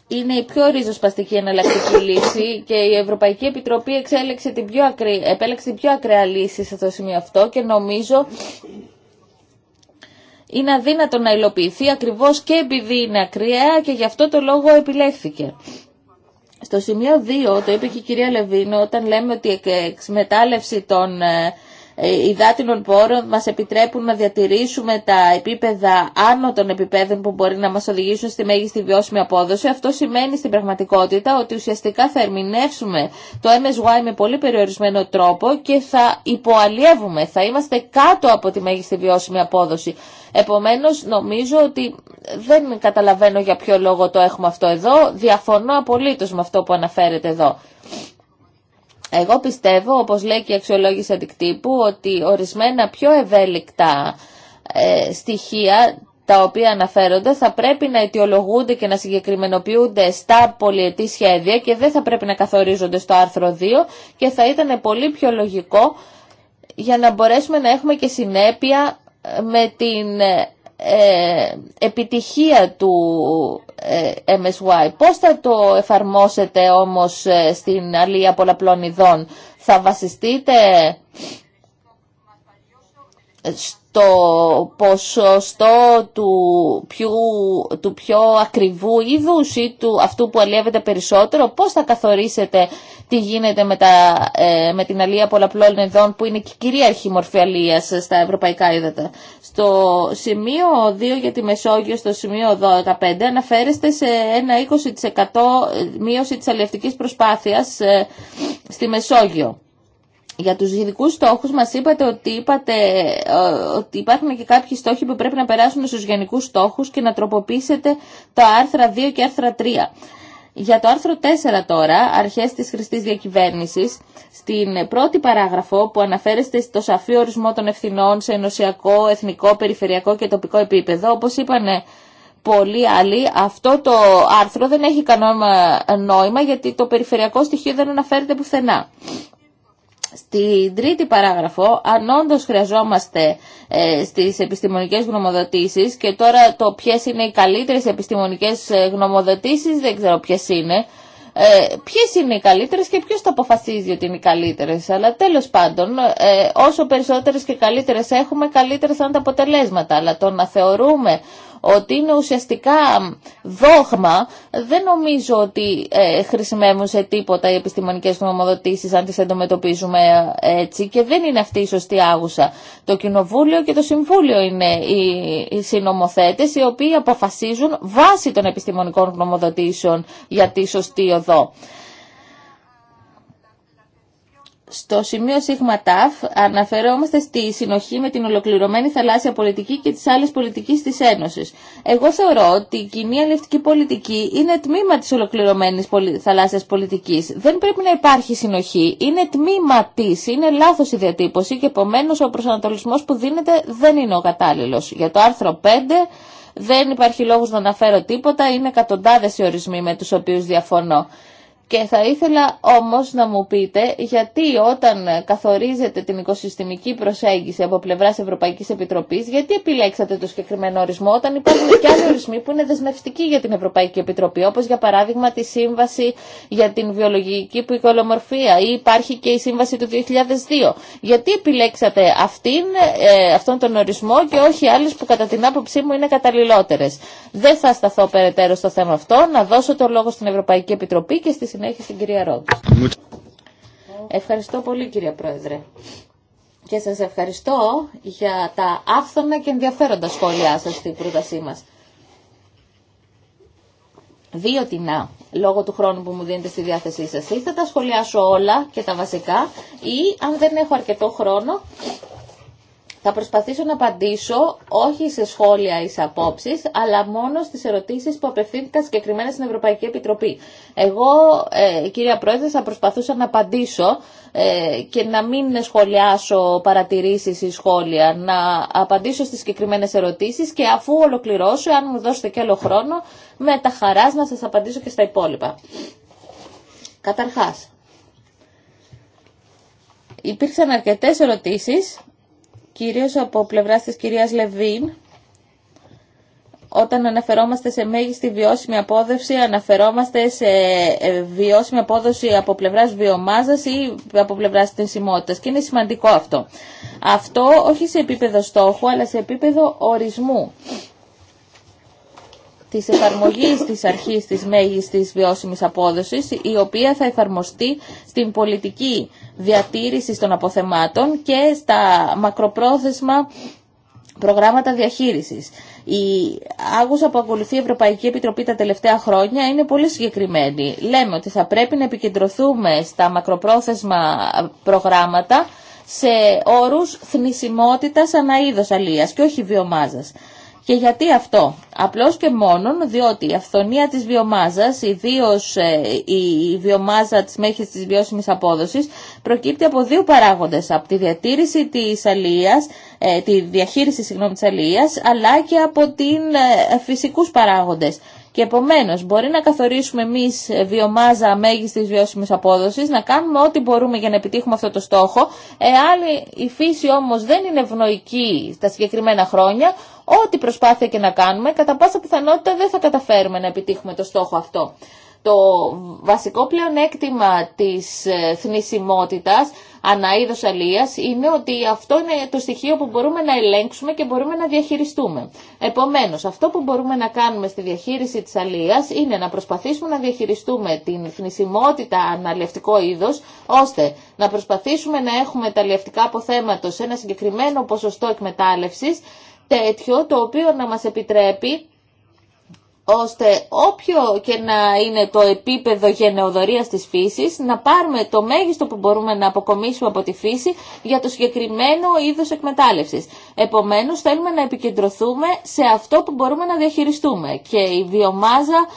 είναι η πιο ριζοσπαστική εναλλακτική λύση και η Ευρωπαϊκή Επιτροπή την πιο ακρι... επέλεξε την πιο ακραία λύση σε αυτό το σημείο αυτό και νομίζω είναι αδύνατο να υλοποιηθεί ακριβώς και επειδή είναι ακραία και γι' αυτό το λόγο επιλέχθηκε. Στο σημείο 2, το είπε και η κυρία Λεβίνο, όταν λέμε ότι η εξμετάλλευση των ε, υδάτινων ε, πόρων μας επιτρέπουν να διατηρήσουμε τα επίπεδα άνω των επιπέδων που μπορεί να μας οδηγήσουν στη μέγιστη βιώσιμη απόδοση. Αυτό σημαίνει στην πραγματικότητα ότι ουσιαστικά θα ερμηνεύσουμε το MSY με πολύ περιορισμένο τρόπο και θα υποαλλιεύουμε, θα είμαστε κάτω από τη μέγιστη βιώσιμη απόδοση. Επομένως νομίζω ότι δεν καταλαβαίνω για ποιο λόγο το έχουμε αυτό εδώ, διαφωνώ απολύτως με αυτό που αναφέρεται εδώ. Εγώ πιστεύω, όπως λέει και η αξιολόγηση αντικτύπου, ότι ορισμένα πιο ευέλικτα ε, στοιχεία τα οποία αναφέρονται θα πρέπει να αιτιολογούνται και να συγκεκριμενοποιούνται στα πολιετή σχέδια και δεν θα πρέπει να καθορίζονται στο άρθρο 2 και θα ήταν πολύ πιο λογικό για να μπορέσουμε να έχουμε και συνέπεια ε, με την ε, επιτυχία του ε, MSY. Πώς θα το εφαρμόσετε όμως ε, στην αλία πολλαπλών ειδών. Θα βασιστείτε ε, το ποσοστό του πιο, του πιο ακριβού είδους ή του αυτού που αλλιεύεται περισσότερο, πώς θα καθορίσετε τι γίνεται με, τα, ε, με την αλία πολλαπλών ειδών που είναι και κυρίαρχη μορφή αλίας στα ευρωπαϊκά είδατα. Στο σημείο 2 για τη Μεσόγειο, στο σημείο 15, αναφέρεστε σε ένα 20% μείωση της αλλιευτικής προσπάθειας ε, στη Μεσόγειο για τους γενικούς στόχους μας είπατε ότι, είπατε ε, ότι υπάρχουν και κάποιοι στόχοι που πρέπει να περάσουν στους γενικούς στόχους και να τροποποιήσετε το άρθρα 2 και άρθρα 3. Για το άρθρο 4 τώρα, αρχές της χρηστής διακυβέρνησης, στην πρώτη παράγραφο που αναφέρεστε στο σαφή ορισμό των ευθυνών σε ενωσιακό, εθνικό, περιφερειακό και τοπικό επίπεδο, όπως είπανε πολλοί άλλοι, αυτό το άρθρο δεν έχει κανόνα νόημα γιατί το περιφερειακό στοιχείο δεν αναφέρεται πουθενά. Στην τρίτη παράγραφο, αν όντω χρειαζόμαστε ε, στις επιστημονικές γνωμοδοτήσεις και τώρα το ποιες είναι οι καλύτερες επιστημονικές ε, γνωμοδοτήσεις δεν ξέρω ποιες είναι, ε, ποιες είναι οι καλύτερες και ποιος το αποφασίζει ότι είναι οι καλύτερες. Αλλά τέλος πάντων, ε, όσο περισσότερες και καλύτερες έχουμε, καλύτερε θα είναι τα αποτελέσματα. Αλλά το να θεωρούμε ότι είναι ουσιαστικά δόγμα, δεν νομίζω ότι ε, χρησιμεύουν σε τίποτα οι επιστημονικές νομοδοτήσεις αν τις αντιμετωπίζουμε ε, έτσι και δεν είναι αυτή η σωστή άγουσα. Το Κοινοβούλιο και το Συμβούλιο είναι οι συνομοθέτες οι οποίοι αποφασίζουν βάσει των επιστημονικών νομοδοτήσεων για τη σωστή οδό. Στο σημείο σίγμα ΤΑΦ αναφερόμαστε στη συνοχή με την ολοκληρωμένη θαλάσσια πολιτική και τις άλλες πολιτικές της Ένωσης. Εγώ θεωρώ ότι η κοινή αλληλευτική πολιτική είναι τμήμα της ολοκληρωμένης θαλάσσιας πολιτικής. Δεν πρέπει να υπάρχει συνοχή. Είναι τμήμα της. Είναι λάθος η διατύπωση και επομένως ο προσανατολισμός που δίνεται δεν είναι ο κατάλληλος. Για το άρθρο 5... Δεν υπάρχει λόγος να αναφέρω τίποτα, είναι εκατοντάδες οι ορισμοί με τους οποίους διαφωνώ. Και θα ήθελα όμως να μου πείτε γιατί όταν καθορίζετε την οικοσυστημική προσέγγιση από πλευράς Ευρωπαϊκής Επιτροπής, γιατί επιλέξατε το συγκεκριμένο ορισμό όταν υπάρχουν και άλλοι ορισμοί που είναι δεσμευτικοί για την Ευρωπαϊκή Επιτροπή, όπως για παράδειγμα τη Σύμβαση για την Βιολογική Ποικολομορφία ή υπάρχει και η Σύμβαση του 2002. Γιατί επιλέξατε αυτήν, ε, αυτόν τον ορισμό και όχι άλλε που κατά την άποψή μου είναι καταλληλότερε. Δεν θα σταθώ περαιτέρω στο θέμα αυτό, να δώσω το λόγο στην Ευρωπαϊκή Επιτροπή και στη συνέχεια συνέχεια στην κυρία Ευχαριστώ πολύ κυρία Πρόεδρε. Και σας ευχαριστώ για τα άφθονα και ενδιαφέροντα σχόλιά σας στην πρότασή μας. Δύο τεινά, λόγω του χρόνου που μου δίνετε στη διάθεσή σας. Ή θα τα σχολιάσω όλα και τα βασικά, ή αν δεν έχω αρκετό χρόνο, θα προσπαθήσω να απαντήσω όχι σε σχόλια ή σε απόψεις, αλλά μόνο στις ερωτήσεις που απευθύνθηκαν συγκεκριμένα στην Ευρωπαϊκή Επιτροπή. Εγώ, ε, κυρία Πρόεδρε, θα προσπαθούσα να απαντήσω ε, και να μην σχολιάσω παρατηρήσεις ή σχόλια, να απαντήσω στις συγκεκριμένε ερωτήσεις και αφού ολοκληρώσω, αν μου δώσετε και άλλο χρόνο, με τα χαράς να σας απαντήσω και στα υπόλοιπα. Καταρχάς, υπήρξαν αρκετές ερωτήσεις κυρίως από πλευρά της κυρίας Λεβίν, όταν αναφερόμαστε σε μέγιστη βιώσιμη απόδοση, αναφερόμαστε σε ε, βιώσιμη απόδοση από πλευράς βιομάζας ή από πλευράς θνησιμότητας. Και είναι σημαντικό αυτό. Αυτό όχι σε επίπεδο στόχου, αλλά σε επίπεδο ορισμού της εφαρμογής της αρχής της μέγιστης βιώσιμης απόδοσης, η οποία θα εφαρμοστεί στην πολιτική διατήρηση των αποθεμάτων και στα μακροπρόθεσμα προγράμματα διαχείρισης. Η άγουσα που ακολουθεί η Ευρωπαϊκή Επιτροπή τα τελευταία χρόνια είναι πολύ συγκεκριμένη. Λέμε ότι θα πρέπει να επικεντρωθούμε στα μακροπρόθεσμα προγράμματα σε όρους θνησιμότητας αναείδος αλίας και όχι βιομάζας. Και γιατί αυτό. Απλώς και μόνον διότι η αυθονία της βιομάζας, ιδίως ε, η βιομάζα της μέχρι της βιώσιμης απόδοσης, προκύπτει από δύο παράγοντες. Από τη διατήρηση της αλίας, ε, τη διαχείριση συγγνώμη, της αλλά και από την ε, φυσικούς παράγοντες. Και επομένως μπορεί να καθορίσουμε εμεί ε, βιομάζα μέγιστης βιώσιμη απόδοσης, να κάνουμε ό,τι μπορούμε για να επιτύχουμε αυτό το στόχο. Εάν η φύση όμως δεν είναι ευνοϊκή στα συγκεκριμένα χρόνια, ό,τι προσπάθεια και να κάνουμε, κατά πάσα πιθανότητα δεν θα καταφέρουμε να επιτύχουμε το στόχο αυτό. Το βασικό πλεονέκτημα της ε, θνησιμότητας ανά είδος αλίας είναι ότι αυτό είναι το στοιχείο που μπορούμε να ελέγξουμε και μπορούμε να διαχειριστούμε. Επομένως, αυτό που μπορούμε να κάνουμε στη διαχείριση της αλίας είναι να προσπαθήσουμε να διαχειριστούμε την θνησιμότητα αναλευτικό είδος, ώστε να προσπαθήσουμε να έχουμε τα λευτικά αποθέματα σε ένα συγκεκριμένο ποσοστό εκμετάλλευσης, τέτοιο το οποίο να μας επιτρέπει ώστε όποιο και να είναι το επίπεδο γενεοδορίας της φύσης, να πάρουμε το μέγιστο που μπορούμε να αποκομίσουμε από τη φύση για το συγκεκριμένο είδος εκμετάλλευσης. Επομένως, θέλουμε να επικεντρωθούμε σε αυτό που μπορούμε να διαχειριστούμε. Και η βιομάζα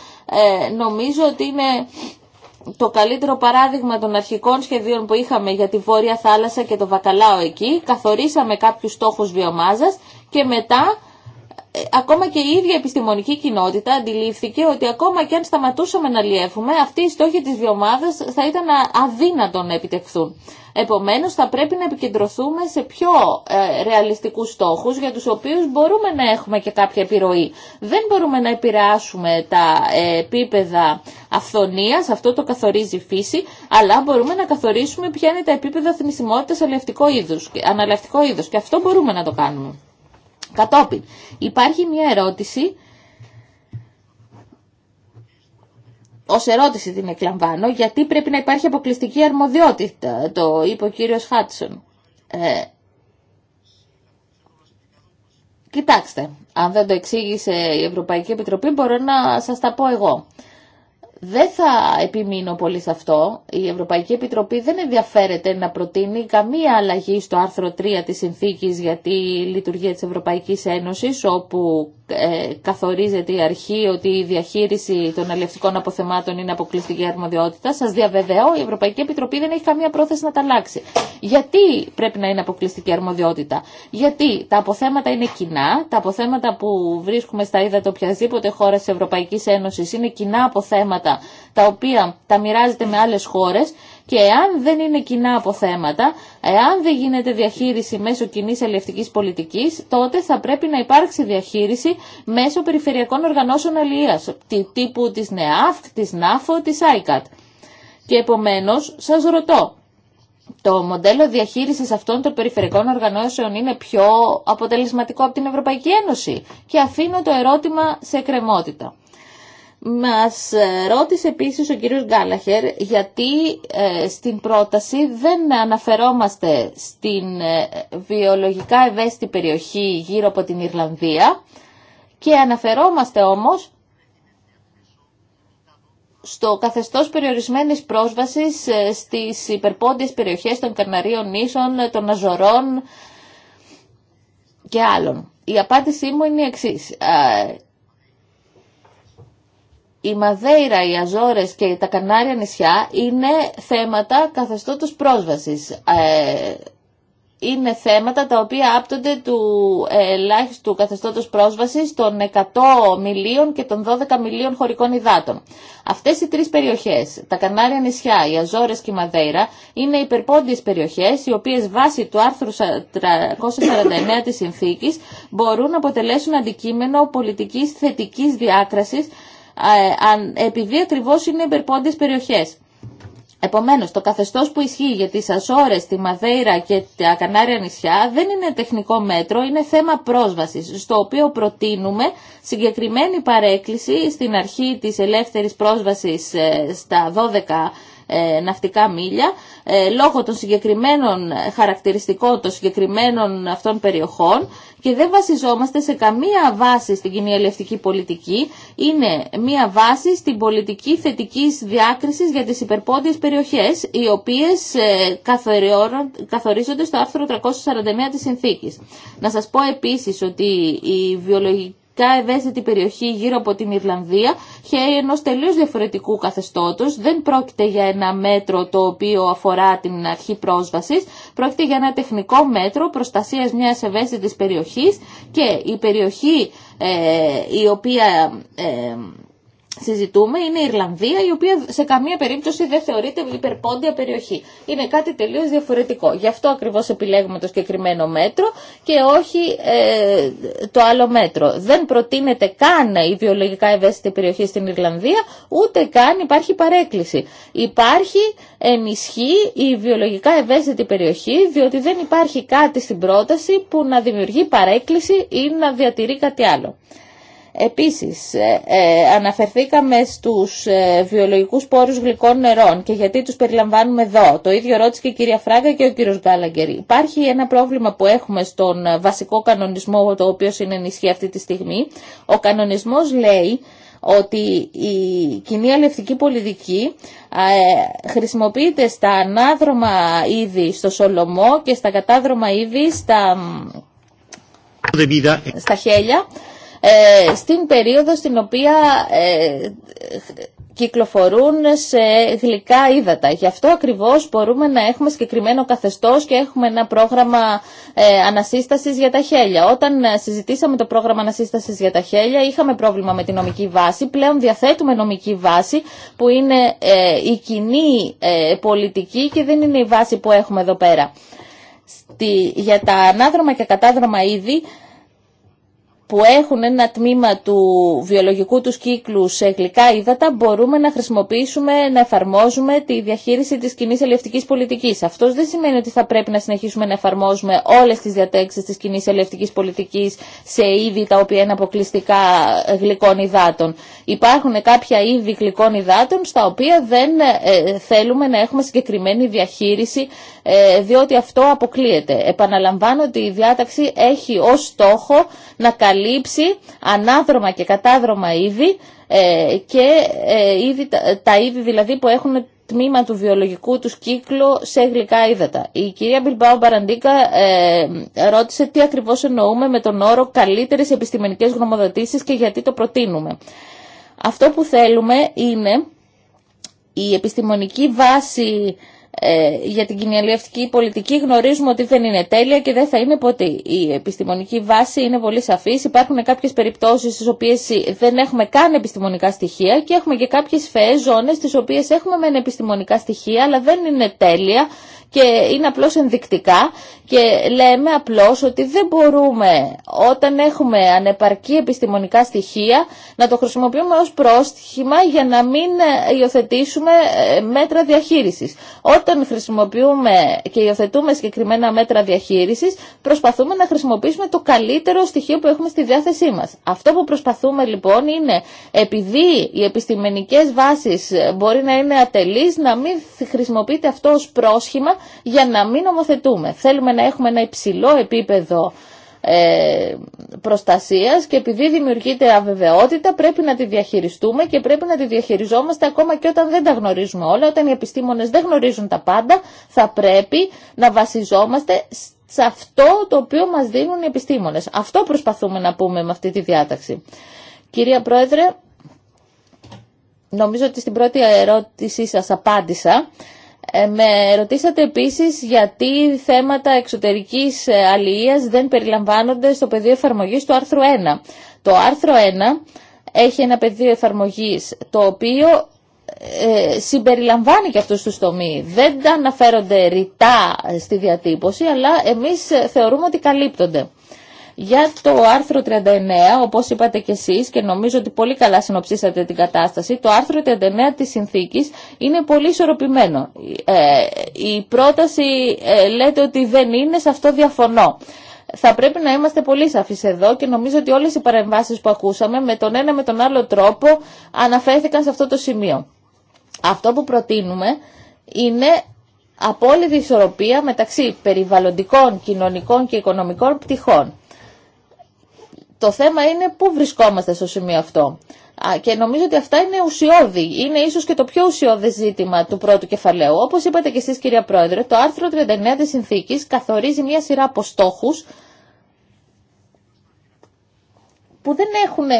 ε, νομίζω ότι είναι το καλύτερο παράδειγμα των αρχικών σχεδίων που είχαμε για τη Βόρεια Θάλασσα και το Βακαλάο εκεί. Καθορίσαμε κάποιους στόχους βιομάζας και μετά ε, ακόμα και η ίδια επιστημονική κοινότητα αντιλήφθηκε ότι ακόμα και αν σταματούσαμε να λιεύουμε, αυτοί οι στόχοι της βιομάδας θα ήταν αδύνατον να επιτευχθούν. Επομένως θα πρέπει να επικεντρωθούμε σε πιο ε, ρεαλιστικούς στόχους για τους οποίους μπορούμε να έχουμε και κάποια επιρροή. Δεν μπορούμε να επηρεάσουμε τα ε, επίπεδα αυθονίας, αυτό το καθορίζει η φύση, αλλά μπορούμε να καθορίσουμε ποια είναι τα επίπεδα θνησιμότητας είδους, αναλευτικό είδους και αυτό μπορούμε να το κάνουμε. Κατόπιν, υπάρχει μια ερώτηση, ως ερώτηση την εκλαμβάνω, γιατί πρέπει να υπάρχει αποκλειστική αρμοδιότητα, το είπε ο κύριος Χάτσον. Ε, κοιτάξτε, αν δεν το εξήγησε η Ευρωπαϊκή Επιτροπή μπορώ να σας τα πω εγώ. Δεν θα επιμείνω πολύ σε αυτό. Η Ευρωπαϊκή Επιτροπή δεν ενδιαφέρεται να προτείνει καμία αλλαγή στο άρθρο 3 της Συνθήκης για τη λειτουργία της Ευρωπαϊκής Ένωσης, όπου ε, καθορίζεται η αρχή ότι η διαχείριση των αλληλευτικών αποθεμάτων είναι αποκλειστική αρμοδιότητα. Σας διαβεβαιώ, η Ευρωπαϊκή Επιτροπή δεν έχει καμία πρόθεση να τα αλλάξει. Γιατί πρέπει να είναι αποκλειστική αρμοδιότητα. Γιατί τα αποθέματα είναι κοινά, τα αποθέματα που βρίσκουμε στα ύδατα οποιασδήποτε χώρα της Ευρωπαϊκής Ένωσης είναι κοινά αποθέματα τα οποία τα μοιράζεται με άλλε χώρε και εάν δεν είναι κοινά αποθέματα, εάν δεν γίνεται διαχείριση μέσω κοινή αλληλευτική πολιτική, τότε θα πρέπει να υπάρξει διαχείριση μέσω περιφερειακών οργανώσεων αλληλεία, τύπου τη ΝΕΑΦΚ, τη ΝΑΦΟ, τη ΆΙΚΑΤ. Και επομένω, σα ρωτώ, το μοντέλο διαχείριση αυτών των περιφερειακών οργανώσεων είναι πιο αποτελεσματικό από την Ευρωπαϊκή Ένωση και αφήνω το ερώτημα σε κρεμότητα. Μας ρώτησε επίσης ο κύριος Γκάλαχερ γιατί ε, στην πρόταση δεν αναφερόμαστε στην ε, βιολογικά ευαίσθητη περιοχή γύρω από την Ιρλανδία και αναφερόμαστε όμως στο καθεστώς περιορισμένης πρόσβασης ε, στις υπερπόντιες περιοχές των Καναρίων Νήσων, των Αζωρών και άλλων. Η απάντησή μου είναι η εξής η Μαδέιρα, οι Αζόρες και τα Κανάρια νησιά είναι θέματα καθεστώτος πρόσβασης. Ε, είναι θέματα τα οποία άπτονται του ελάχιστου καθεστώτος πρόσβασης των 100 μιλίων και των 12 μιλίων χωρικών υδάτων. Αυτές οι τρεις περιοχές, τα Κανάρια νησιά, οι Αζόρες και η Μαδέιρα, είναι υπερπόντιες περιοχές οι οποίες βάσει του άρθρου 349 της συνθήκης μπορούν να αποτελέσουν αντικείμενο πολιτικής θετικής διάκρασης ε, επειδή ακριβώς είναι υπερπόντιες περιοχές. Επομένως, το καθεστώς που ισχύει για τις Ασόρες, τη Μαδέιρα και τα Κανάρια νησιά δεν είναι τεχνικό μέτρο, είναι θέμα πρόσβασης, στο οποίο προτείνουμε συγκεκριμένη παρέκκληση στην αρχή της ελεύθερης πρόσβασης ε, στα 12 ε, ναυτικά μίλια ε, λόγω των συγκεκριμένων ε, χαρακτηριστικών των συγκεκριμένων αυτών περιοχών και δεν βασιζόμαστε σε καμία βάση στην κοινή πολιτική. Είναι μία βάση στην πολιτική θετικής διάκρισης για τις υπερπόντιες περιοχές οι οποίες καθορίζονται στο άρθρο 341 της συνθήκης. Να σας πω επίσης ότι η βιολογική ευαίσθητη περιοχή γύρω από την Ιρλανδία και ενό τελείω διαφορετικού καθεστώτος. Δεν πρόκειται για ένα μέτρο το οποίο αφορά την αρχή πρόσβασης, πρόκειται για ένα τεχνικό μέτρο προστασίας μιας ευαίσθητης περιοχής και η περιοχή ε, η οποία... Ε, συζητούμε είναι η Ιρλανδία, η οποία σε καμία περίπτωση δεν θεωρείται υπερπόντια περιοχή. Είναι κάτι τελείω διαφορετικό. Γι' αυτό ακριβώ επιλέγουμε το συγκεκριμένο μέτρο και όχι ε, το άλλο μέτρο. Δεν προτείνεται καν η βιολογικά ευαίσθητη περιοχή στην Ιρλανδία, ούτε καν υπάρχει παρέκκληση. Υπάρχει ενισχύ η βιολογικά ευαίσθητη περιοχή, διότι δεν υπάρχει κάτι στην πρόταση που να δημιουργεί παρέκκληση ή να διατηρεί κάτι άλλο. Επίσης, ε, ε, αναφερθήκαμε στους ε, βιολογικούς πόρους γλυκών νερών και γιατί τους περιλαμβάνουμε εδώ. Το ίδιο ρώτησε και η κυρία Φράγκα και ο κύριος Γκάλαγκερ. Υπάρχει ένα πρόβλημα που έχουμε στον βασικό κανονισμό, το οποίο είναι ενισχύει αυτή τη στιγμή. Ο κανονισμός λέει ότι η κοινή αλευτική πολιτική χρησιμοποιείται στα ανάδρομα είδη στο Σολομό και στα κατάδρομα είδη στα, στα χέλια ε, στην περίοδο στην οποία ε, κυκλοφορούν σε γλυκά ύδατα. Γι' αυτό ακριβώς μπορούμε να έχουμε συγκεκριμένο καθεστώς και έχουμε ένα πρόγραμμα ε, ανασύστασης για τα χέλια. Όταν ε, συζητήσαμε το πρόγραμμα ανασύστασης για τα χέλια είχαμε πρόβλημα με τη νομική βάση. Πλέον διαθέτουμε νομική βάση που είναι ε, η κοινή ε, πολιτική και δεν είναι η βάση που έχουμε εδώ πέρα. Στη, για τα ανάδρομα και κατάδρομα είδη που έχουν ένα τμήμα του βιολογικού τους κύκλου σε γλυκά ύδατα μπορούμε να χρησιμοποιήσουμε, να εφαρμόζουμε τη διαχείριση της κοινή ελευτικής πολιτικής. Αυτός δεν σημαίνει ότι θα πρέπει να συνεχίσουμε να εφαρμόζουμε όλες τις διατέξεις της κοινή ελευτικής πολιτικής σε είδη τα οποία είναι αποκλειστικά γλυκών υδάτων. Υπάρχουν κάποια είδη γλυκών υδάτων στα οποία δεν ε, θέλουμε να έχουμε συγκεκριμένη διαχείριση ε, διότι αυτό αποκλείεται. Επαναλαμβάνω ότι η διάταξη έχει ως στόχο να καλύψει ανάδρομα και κατάδρομα είδη ε, και ε, είδη, τα είδη δηλαδή που έχουν τμήμα του βιολογικού τους κύκλου σε γλυκά ύδατα. Η κυρία Μπιλμπάου Μπαραντίκα ε, ρώτησε τι ακριβώς εννοούμε με τον όρο καλύτερες επιστημονικές γνωμοδοτήσεις και γιατί το προτείνουμε. Αυτό που θέλουμε είναι η επιστημονική βάση ε, για την κοινιαλιευτική πολιτική γνωρίζουμε ότι δεν είναι τέλεια και δεν θα είναι ποτέ. Η επιστημονική βάση είναι πολύ σαφής. Υπάρχουν κάποιες περιπτώσεις στις οποίες δεν έχουμε καν επιστημονικά στοιχεία και έχουμε και κάποιες φαιές ζώνες στις οποίες έχουμε μεν επιστημονικά στοιχεία αλλά δεν είναι τέλεια και είναι απλώς ενδεικτικά και λέμε απλώς ότι δεν μπορούμε όταν έχουμε ανεπαρκή επιστημονικά στοιχεία να το χρησιμοποιούμε ως πρόστιχημα για να μην ε, υιοθετήσουμε ε, μέτρα διαχείρισης όταν χρησιμοποιούμε και υιοθετούμε συγκεκριμένα μέτρα διαχείρισης, προσπαθούμε να χρησιμοποιήσουμε το καλύτερο στοιχείο που έχουμε στη διάθεσή μας. Αυτό που προσπαθούμε λοιπόν είναι, επειδή οι επιστημονικές βάσεις μπορεί να είναι ατελείς, να μην χρησιμοποιείται αυτό ως πρόσχημα για να μην νομοθετούμε. Θέλουμε να έχουμε ένα υψηλό επίπεδο ε, προστασίας και επειδή δημιουργείται αβεβαιότητα πρέπει να τη διαχειριστούμε και πρέπει να τη διαχειριζόμαστε ακόμα και όταν δεν τα γνωρίζουμε όλα, όταν οι επιστήμονες δεν γνωρίζουν τα πάντα, θα πρέπει να βασιζόμαστε σε αυτό το οποίο μας δίνουν οι επιστήμονες. Αυτό προσπαθούμε να πούμε με αυτή τη διάταξη. Κυρία Πρόεδρε, νομίζω ότι στην πρώτη ερώτησή σας απάντησα. Ε, με ρωτήσατε επίσης γιατί θέματα εξωτερικής ε, αλληλείας δεν περιλαμβάνονται στο πεδίο εφαρμογής του άρθρου 1. Το άρθρο 1 έχει ένα πεδίο εφαρμογής το οποίο ε, συμπεριλαμβάνει και αυτούς τους τομείς. Δεν τα αναφέρονται ρητά στη διατύπωση, αλλά εμείς θεωρούμε ότι καλύπτονται. Για το άρθρο 39, όπως είπατε και εσείς και νομίζω ότι πολύ καλά συνοψίσατε την κατάσταση, το άρθρο 39 της συνθήκης είναι πολύ ισορροπημένο. Ε, η πρόταση ε, λέτε ότι δεν είναι, σε αυτό διαφωνώ. Θα πρέπει να είμαστε πολύ σαφείς εδώ και νομίζω ότι όλες οι παρεμβάσεις που ακούσαμε με τον ένα με τον άλλο τρόπο αναφέρθηκαν σε αυτό το σημείο. Αυτό που προτείνουμε είναι απόλυτη ισορροπία μεταξύ περιβαλλοντικών, κοινωνικών και οικονομικών πτυχών. Το θέμα είναι πού βρισκόμαστε στο σημείο αυτό. Και νομίζω ότι αυτά είναι ουσιώδη. Είναι ίσως και το πιο ουσιώδη ζήτημα του πρώτου κεφαλαίου. Όπω είπατε και εσείς κυρία Πρόεδρε, το άρθρο 39 της συνθήκης καθορίζει μια σειρά από στόχου που δεν έχουν ε,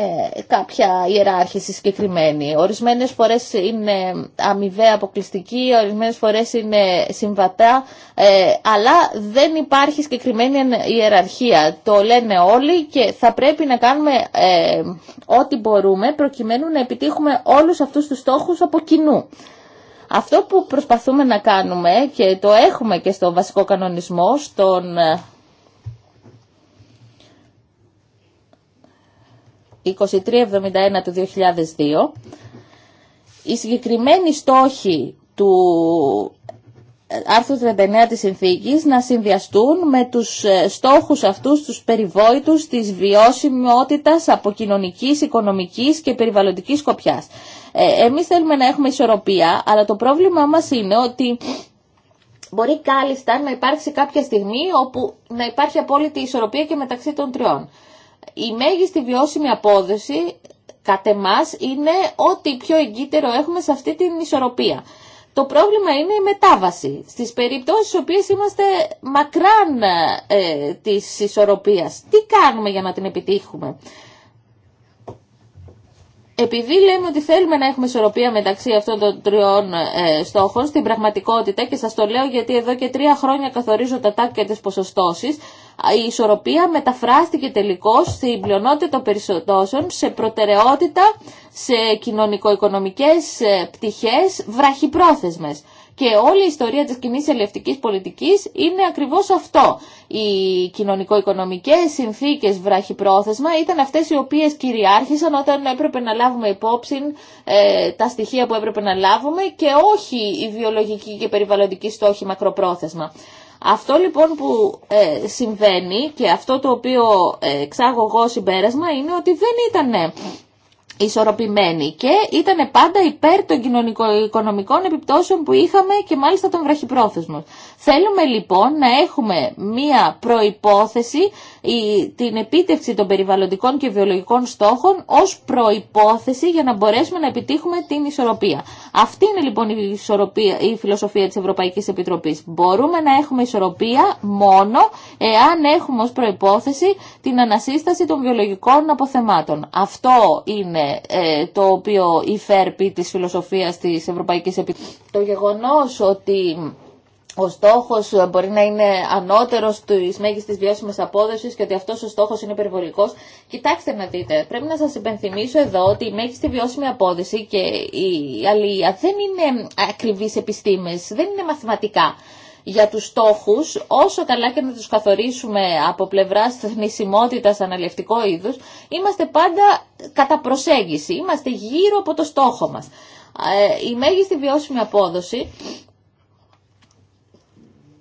κάποια ιεράρχηση συγκεκριμένη. Ορισμένες φορές είναι αμοιβαία αποκλειστική, ορισμένες φορές είναι συμβατά, ε, αλλά δεν υπάρχει συγκεκριμένη ιεραρχία. Το λένε όλοι και θα πρέπει να κάνουμε ε, ό,τι μπορούμε προκειμένου να επιτύχουμε όλους αυτούς τους στόχους από κοινού. Αυτό που προσπαθούμε να κάνουμε και το έχουμε και στο βασικό κανονισμό, στον 2371 του 2002, οι συγκεκριμένοι στόχοι του άρθρου 39 της συνθήκης να συνδυαστούν με τους ε, στόχους αυτούς τους περιβόητους της βιώσιμότητας από κοινωνικής, οικονομικής και περιβαλλοντικής σκοπιάς. Ε, εμείς θέλουμε να έχουμε ισορροπία, αλλά το πρόβλημά μας είναι ότι μπορεί κάλλιστα να υπάρξει κάποια στιγμή όπου να υπάρχει απόλυτη ισορροπία και μεταξύ των τριών η μέγιστη βιώσιμη απόδοση κατ' εμάς είναι ό,τι πιο εγκύτερο έχουμε σε αυτή την ισορροπία. Το πρόβλημα είναι η μετάβαση στις περιπτώσεις στις οποίες είμαστε μακράν ε, της ισορροπίας. Τι κάνουμε για να την επιτύχουμε επειδή λέμε ότι θέλουμε να έχουμε ισορροπία μεταξύ αυτών των τριών ε, στόχων, στην πραγματικότητα, και σας το λέω γιατί εδώ και τρία χρόνια καθορίζω τα τάκια της ποσοστώσης, η ισορροπία μεταφράστηκε τελικώς στην πλειονότητα των περισσοτώσεων σε προτεραιότητα, σε κοινωνικο-οικονομικές ε, πτυχές βραχυπρόθεσμες. Και όλη η ιστορία της κοινή ελευτικής πολιτικής είναι ακριβώς αυτό. Οι κοινωνικο-οικονομικές συνθήκες βραχυπρόθεσμα ήταν αυτές οι οποίες κυριάρχησαν όταν έπρεπε να λάβουμε υπόψη ε, τα στοιχεία που έπρεπε να λάβουμε και όχι η βιολογική και περιβαλλοντική στόχη μακροπρόθεσμα. Αυτό λοιπόν που ε, συμβαίνει και αυτό το οποίο ε, εξάγω εγώ συμπέρασμα είναι ότι δεν ήταν ισορροπημένη και ήταν πάντα υπέρ των κοινωνικο-οικονομικών επιπτώσεων που είχαμε και μάλιστα των βραχυπρόθεσμων. Θέλουμε λοιπόν να έχουμε μία προϋπόθεση η, την επίτευξη των περιβαλλοντικών και βιολογικών στόχων ως προϋπόθεση για να μπορέσουμε να επιτύχουμε την ισορροπία. Αυτή είναι λοιπόν η, ισορροπία, η φιλοσοφία της Ευρωπαϊκής Επιτροπής. Μπορούμε να έχουμε ισορροπία μόνο εάν έχουμε ως προϋπόθεση την ανασύσταση των βιολογικών αποθεμάτων. Αυτό είναι ε, το οποίο υφέρπει της φιλοσοφίας της Ευρωπαϊκής Επιτροπής. Το γεγονός ότι ο στόχος ε, μπορεί να είναι ανώτερος της μέγιστης βιώσιμης απόδοσης και ότι αυτός ο στόχος είναι υπερβολικός. Κοιτάξτε να δείτε, πρέπει να σας υπενθυμίσω εδώ ότι η μέγιστη βιώσιμη απόδοση και η αλληλεία δεν είναι ακριβείς επιστήμες, δεν είναι μαθηματικά. Για τους στόχους, όσο καλά και να τους καθορίσουμε από πλευράς θνησιμότητας αναλυευτικό είδους, είμαστε πάντα κατά προσέγγιση, είμαστε γύρω από το στόχο μας. Ε, η μέγιστη βιώσιμη απόδοση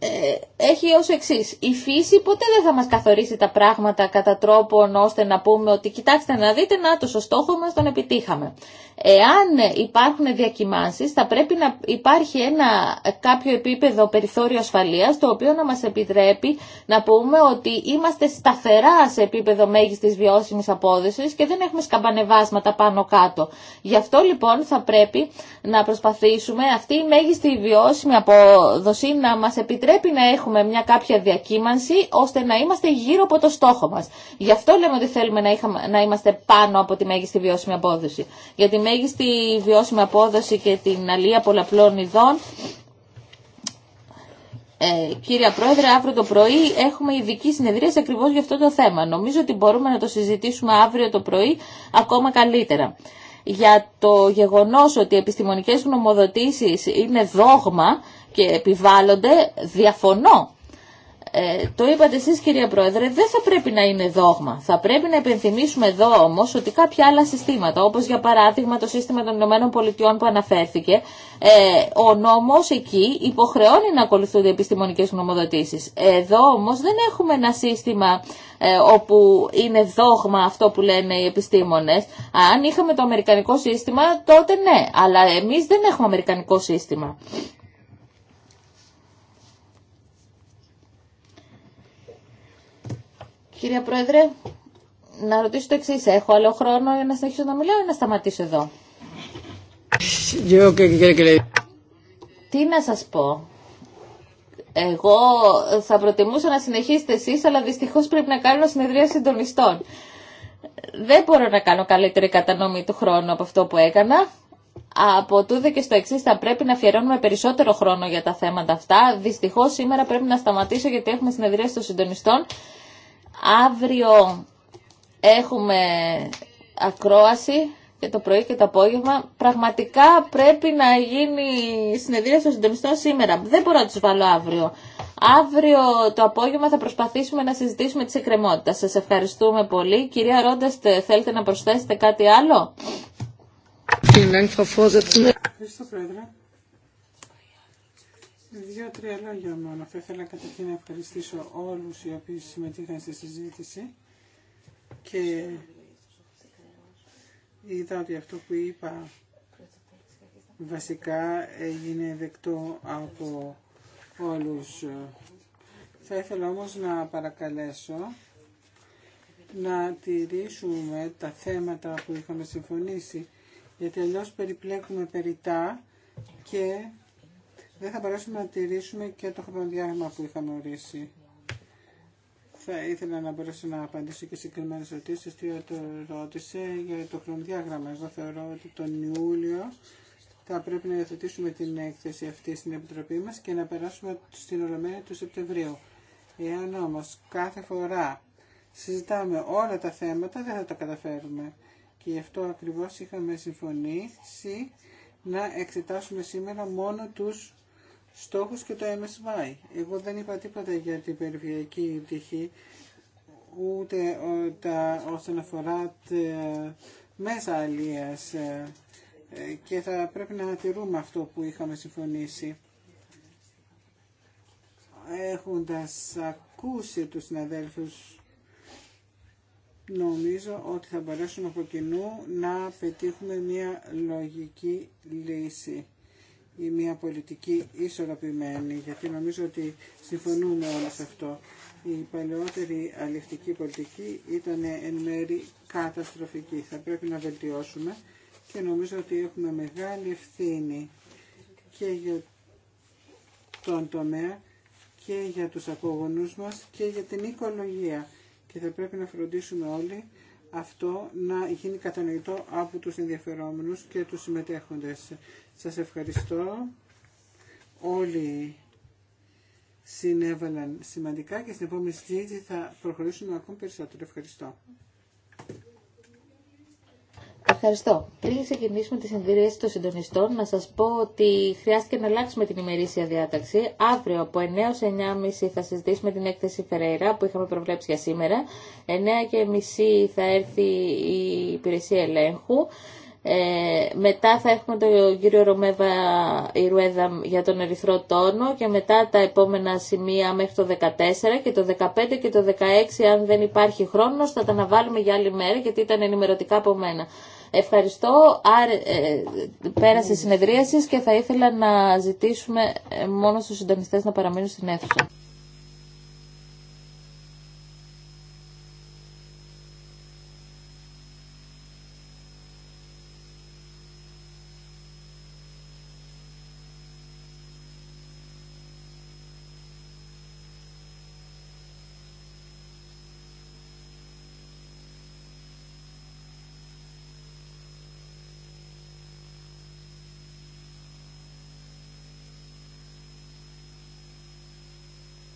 ε, έχει ως εξή. Η φύση ποτέ δεν θα μας καθορίσει τα πράγματα κατά τρόπον ώστε να πούμε ότι κοιτάξτε να δείτε να το σωστόχο μας τον επιτύχαμε. Εάν υπάρχουν διακυμάνσεις θα πρέπει να υπάρχει ένα κάποιο επίπεδο περιθώριο ασφαλείας το οποίο να μας επιτρέπει να πούμε ότι είμαστε σταθερά σε επίπεδο μέγιστης βιώσιμης απόδοσης και δεν έχουμε σκαμπανεβάσματα πάνω κάτω. Γι' αυτό λοιπόν θα πρέπει να προσπαθήσουμε αυτή η μέγιστη βιώσιμη απόδοση να μας επιτρέπει να έχουμε μια κάποια διακύμανση ώστε να είμαστε γύρω από το στόχο μας. Γι' αυτό λέμε ότι θέλουμε να, να είμαστε πάνω από τη μέγιστη βιώσιμη απόδοση. Γιατί μέγιστη βιώσιμη απόδοση και την αλία πολλαπλών ειδών. Ε, κύριε Πρόεδρε, αύριο το πρωί έχουμε ειδική συνεδρία ακριβώς για αυτό το θέμα. Νομίζω ότι μπορούμε να το συζητήσουμε αύριο το πρωί ακόμα καλύτερα. Για το γεγονός ότι οι επιστημονικές γνωμοδοτήσεις είναι δόγμα και επιβάλλονται, διαφωνώ. Ε, το είπατε εσείς κυρία Πρόεδρε, δεν θα πρέπει να είναι δόγμα. Θα πρέπει να επενθυμίσουμε εδώ όμως ότι κάποια άλλα συστήματα, όπως για παράδειγμα το σύστημα των Ηνωμένων Πολιτειών που αναφέρθηκε, ε, ο νόμος εκεί υποχρεώνει να ακολουθούνται επιστημονικές νομοδοτήσεις. Εδώ όμως δεν έχουμε ένα σύστημα ε, όπου είναι δόγμα αυτό που λένε οι επιστήμονες. Αν είχαμε το αμερικανικό σύστημα τότε ναι, αλλά εμείς δεν έχουμε αμερικανικό σύστημα. Κυρία Πρόεδρε, να ρωτήσω το εξή. Έχω άλλο χρόνο για να συνεχίσω να μιλάω ή να σταματήσω εδώ. Τι να σας πω. Εγώ θα προτιμούσα να συνεχίσετε εσείς, αλλά δυστυχώς πρέπει να κάνω συνεδρία συντονιστών. Δεν μπορώ να κάνω καλύτερη κατανομή του χρόνου από αυτό που έκανα. Από τούδε και στο εξή θα πρέπει να αφιερώνουμε περισσότερο χρόνο για τα θέματα αυτά. Δυστυχώ σήμερα πρέπει να σταματήσω γιατί έχουμε συνεδρία των συντονιστών Αύριο έχουμε ακρόαση και το πρωί και το απόγευμα. Πραγματικά πρέπει να γίνει συνεδρία των συντονιστών σήμερα. Δεν μπορώ να του βάλω αύριο. Αύριο το απόγευμα θα προσπαθήσουμε να συζητήσουμε τις εκκρεμότητες. Σας ευχαριστούμε πολύ. Κυρία Ρόντας, θέλετε να προσθέσετε κάτι άλλο. Ευχαριστώ, Πρόεδρε. Δύο-τρία λόγια μόνο. Θα ήθελα καταρχήν να ευχαριστήσω όλους οι οποίοι συμμετείχαν στη συζήτηση και είδα ότι αυτό που είπα βασικά έγινε δεκτό από όλους. Θα ήθελα όμως να παρακαλέσω να τηρήσουμε τα θέματα που είχαμε συμφωνήσει, γιατί αλλιώς περιπλέκουμε περιτά και δεν θα μπορέσουμε να τηρήσουμε και το χρονοδιάγραμμα που είχαμε ορίσει. Θα ήθελα να μπορέσω να απαντήσω και συγκεκριμένε ερωτήσει. Τι ρώτησε για το χρονοδιάγραμμα. Εγώ θεωρώ ότι τον Ιούλιο θα πρέπει να υιοθετήσουμε την έκθεση αυτή στην Επιτροπή μα και να περάσουμε στην Ολομέλεια του Σεπτεμβρίου. Εάν όμω κάθε φορά συζητάμε όλα τα θέματα δεν θα τα καταφέρουμε. Και γι' αυτό ακριβώ είχαμε συμφωνήσει να εξετάσουμε σήμερα μόνο τους στόχους και το MSY. Εγώ δεν είπα τίποτα για την περιφερειακή τύχη, ούτε τα, όσον αφορά τα μέσα αλίας ε, και θα πρέπει να τηρούμε αυτό που είχαμε συμφωνήσει. Έχοντας ακούσει τους συναδέλφους νομίζω ότι θα μπορέσουν από κοινού να πετύχουμε μια λογική λύση ή μια πολιτική ισορροπημένη, γιατί νομίζω ότι συμφωνούμε όλοι σε αυτό. Η παλαιότερη αλληλευτική πολιτική ήταν εν μέρη καταστροφική. Θα πρέπει να βελτιώσουμε και νομίζω ότι έχουμε μεγάλη ευθύνη και για τον τομέα και για τους απογονούς μας και για την οικολογία. Και θα πρέπει να φροντίσουμε όλοι αυτό να γίνει κατανοητό από τους ενδιαφερόμενους και τους συμμετέχοντες. Σας ευχαριστώ. Όλοι συνέβαλαν σημαντικά και στην επόμενη συζήτηση θα προχωρήσουμε ακόμη περισσότερο. Ευχαριστώ. Ευχαριστώ. Πριν ξεκινήσουμε τη συνδυασία των συντονιστών, να σα πω ότι χρειάστηκε να αλλάξουμε την ημερήσια διάταξη. Αύριο από 9 ω 9.30 θα συζητήσουμε την έκθεση Φεραίρα που είχαμε προβλέψει για σήμερα. 9.30 θα έρθει η υπηρεσία ελέγχου. Ε, μετά θα έχουμε τον κύριο Ρωμέβα Ιρουέδα για τον ερυθρό τόνο και μετά τα επόμενα σημεία μέχρι το 14 και το 15 και το 16 αν δεν υπάρχει χρόνος θα τα αναβάλουμε για άλλη μέρα γιατί ήταν ενημερωτικά από μένα. Ευχαριστώ. Άρε, ε, πέρασε η συνεδρίαση και θα ήθελα να ζητήσουμε ε, μόνο στους συντονιστές να παραμείνουν στην αίθουσα.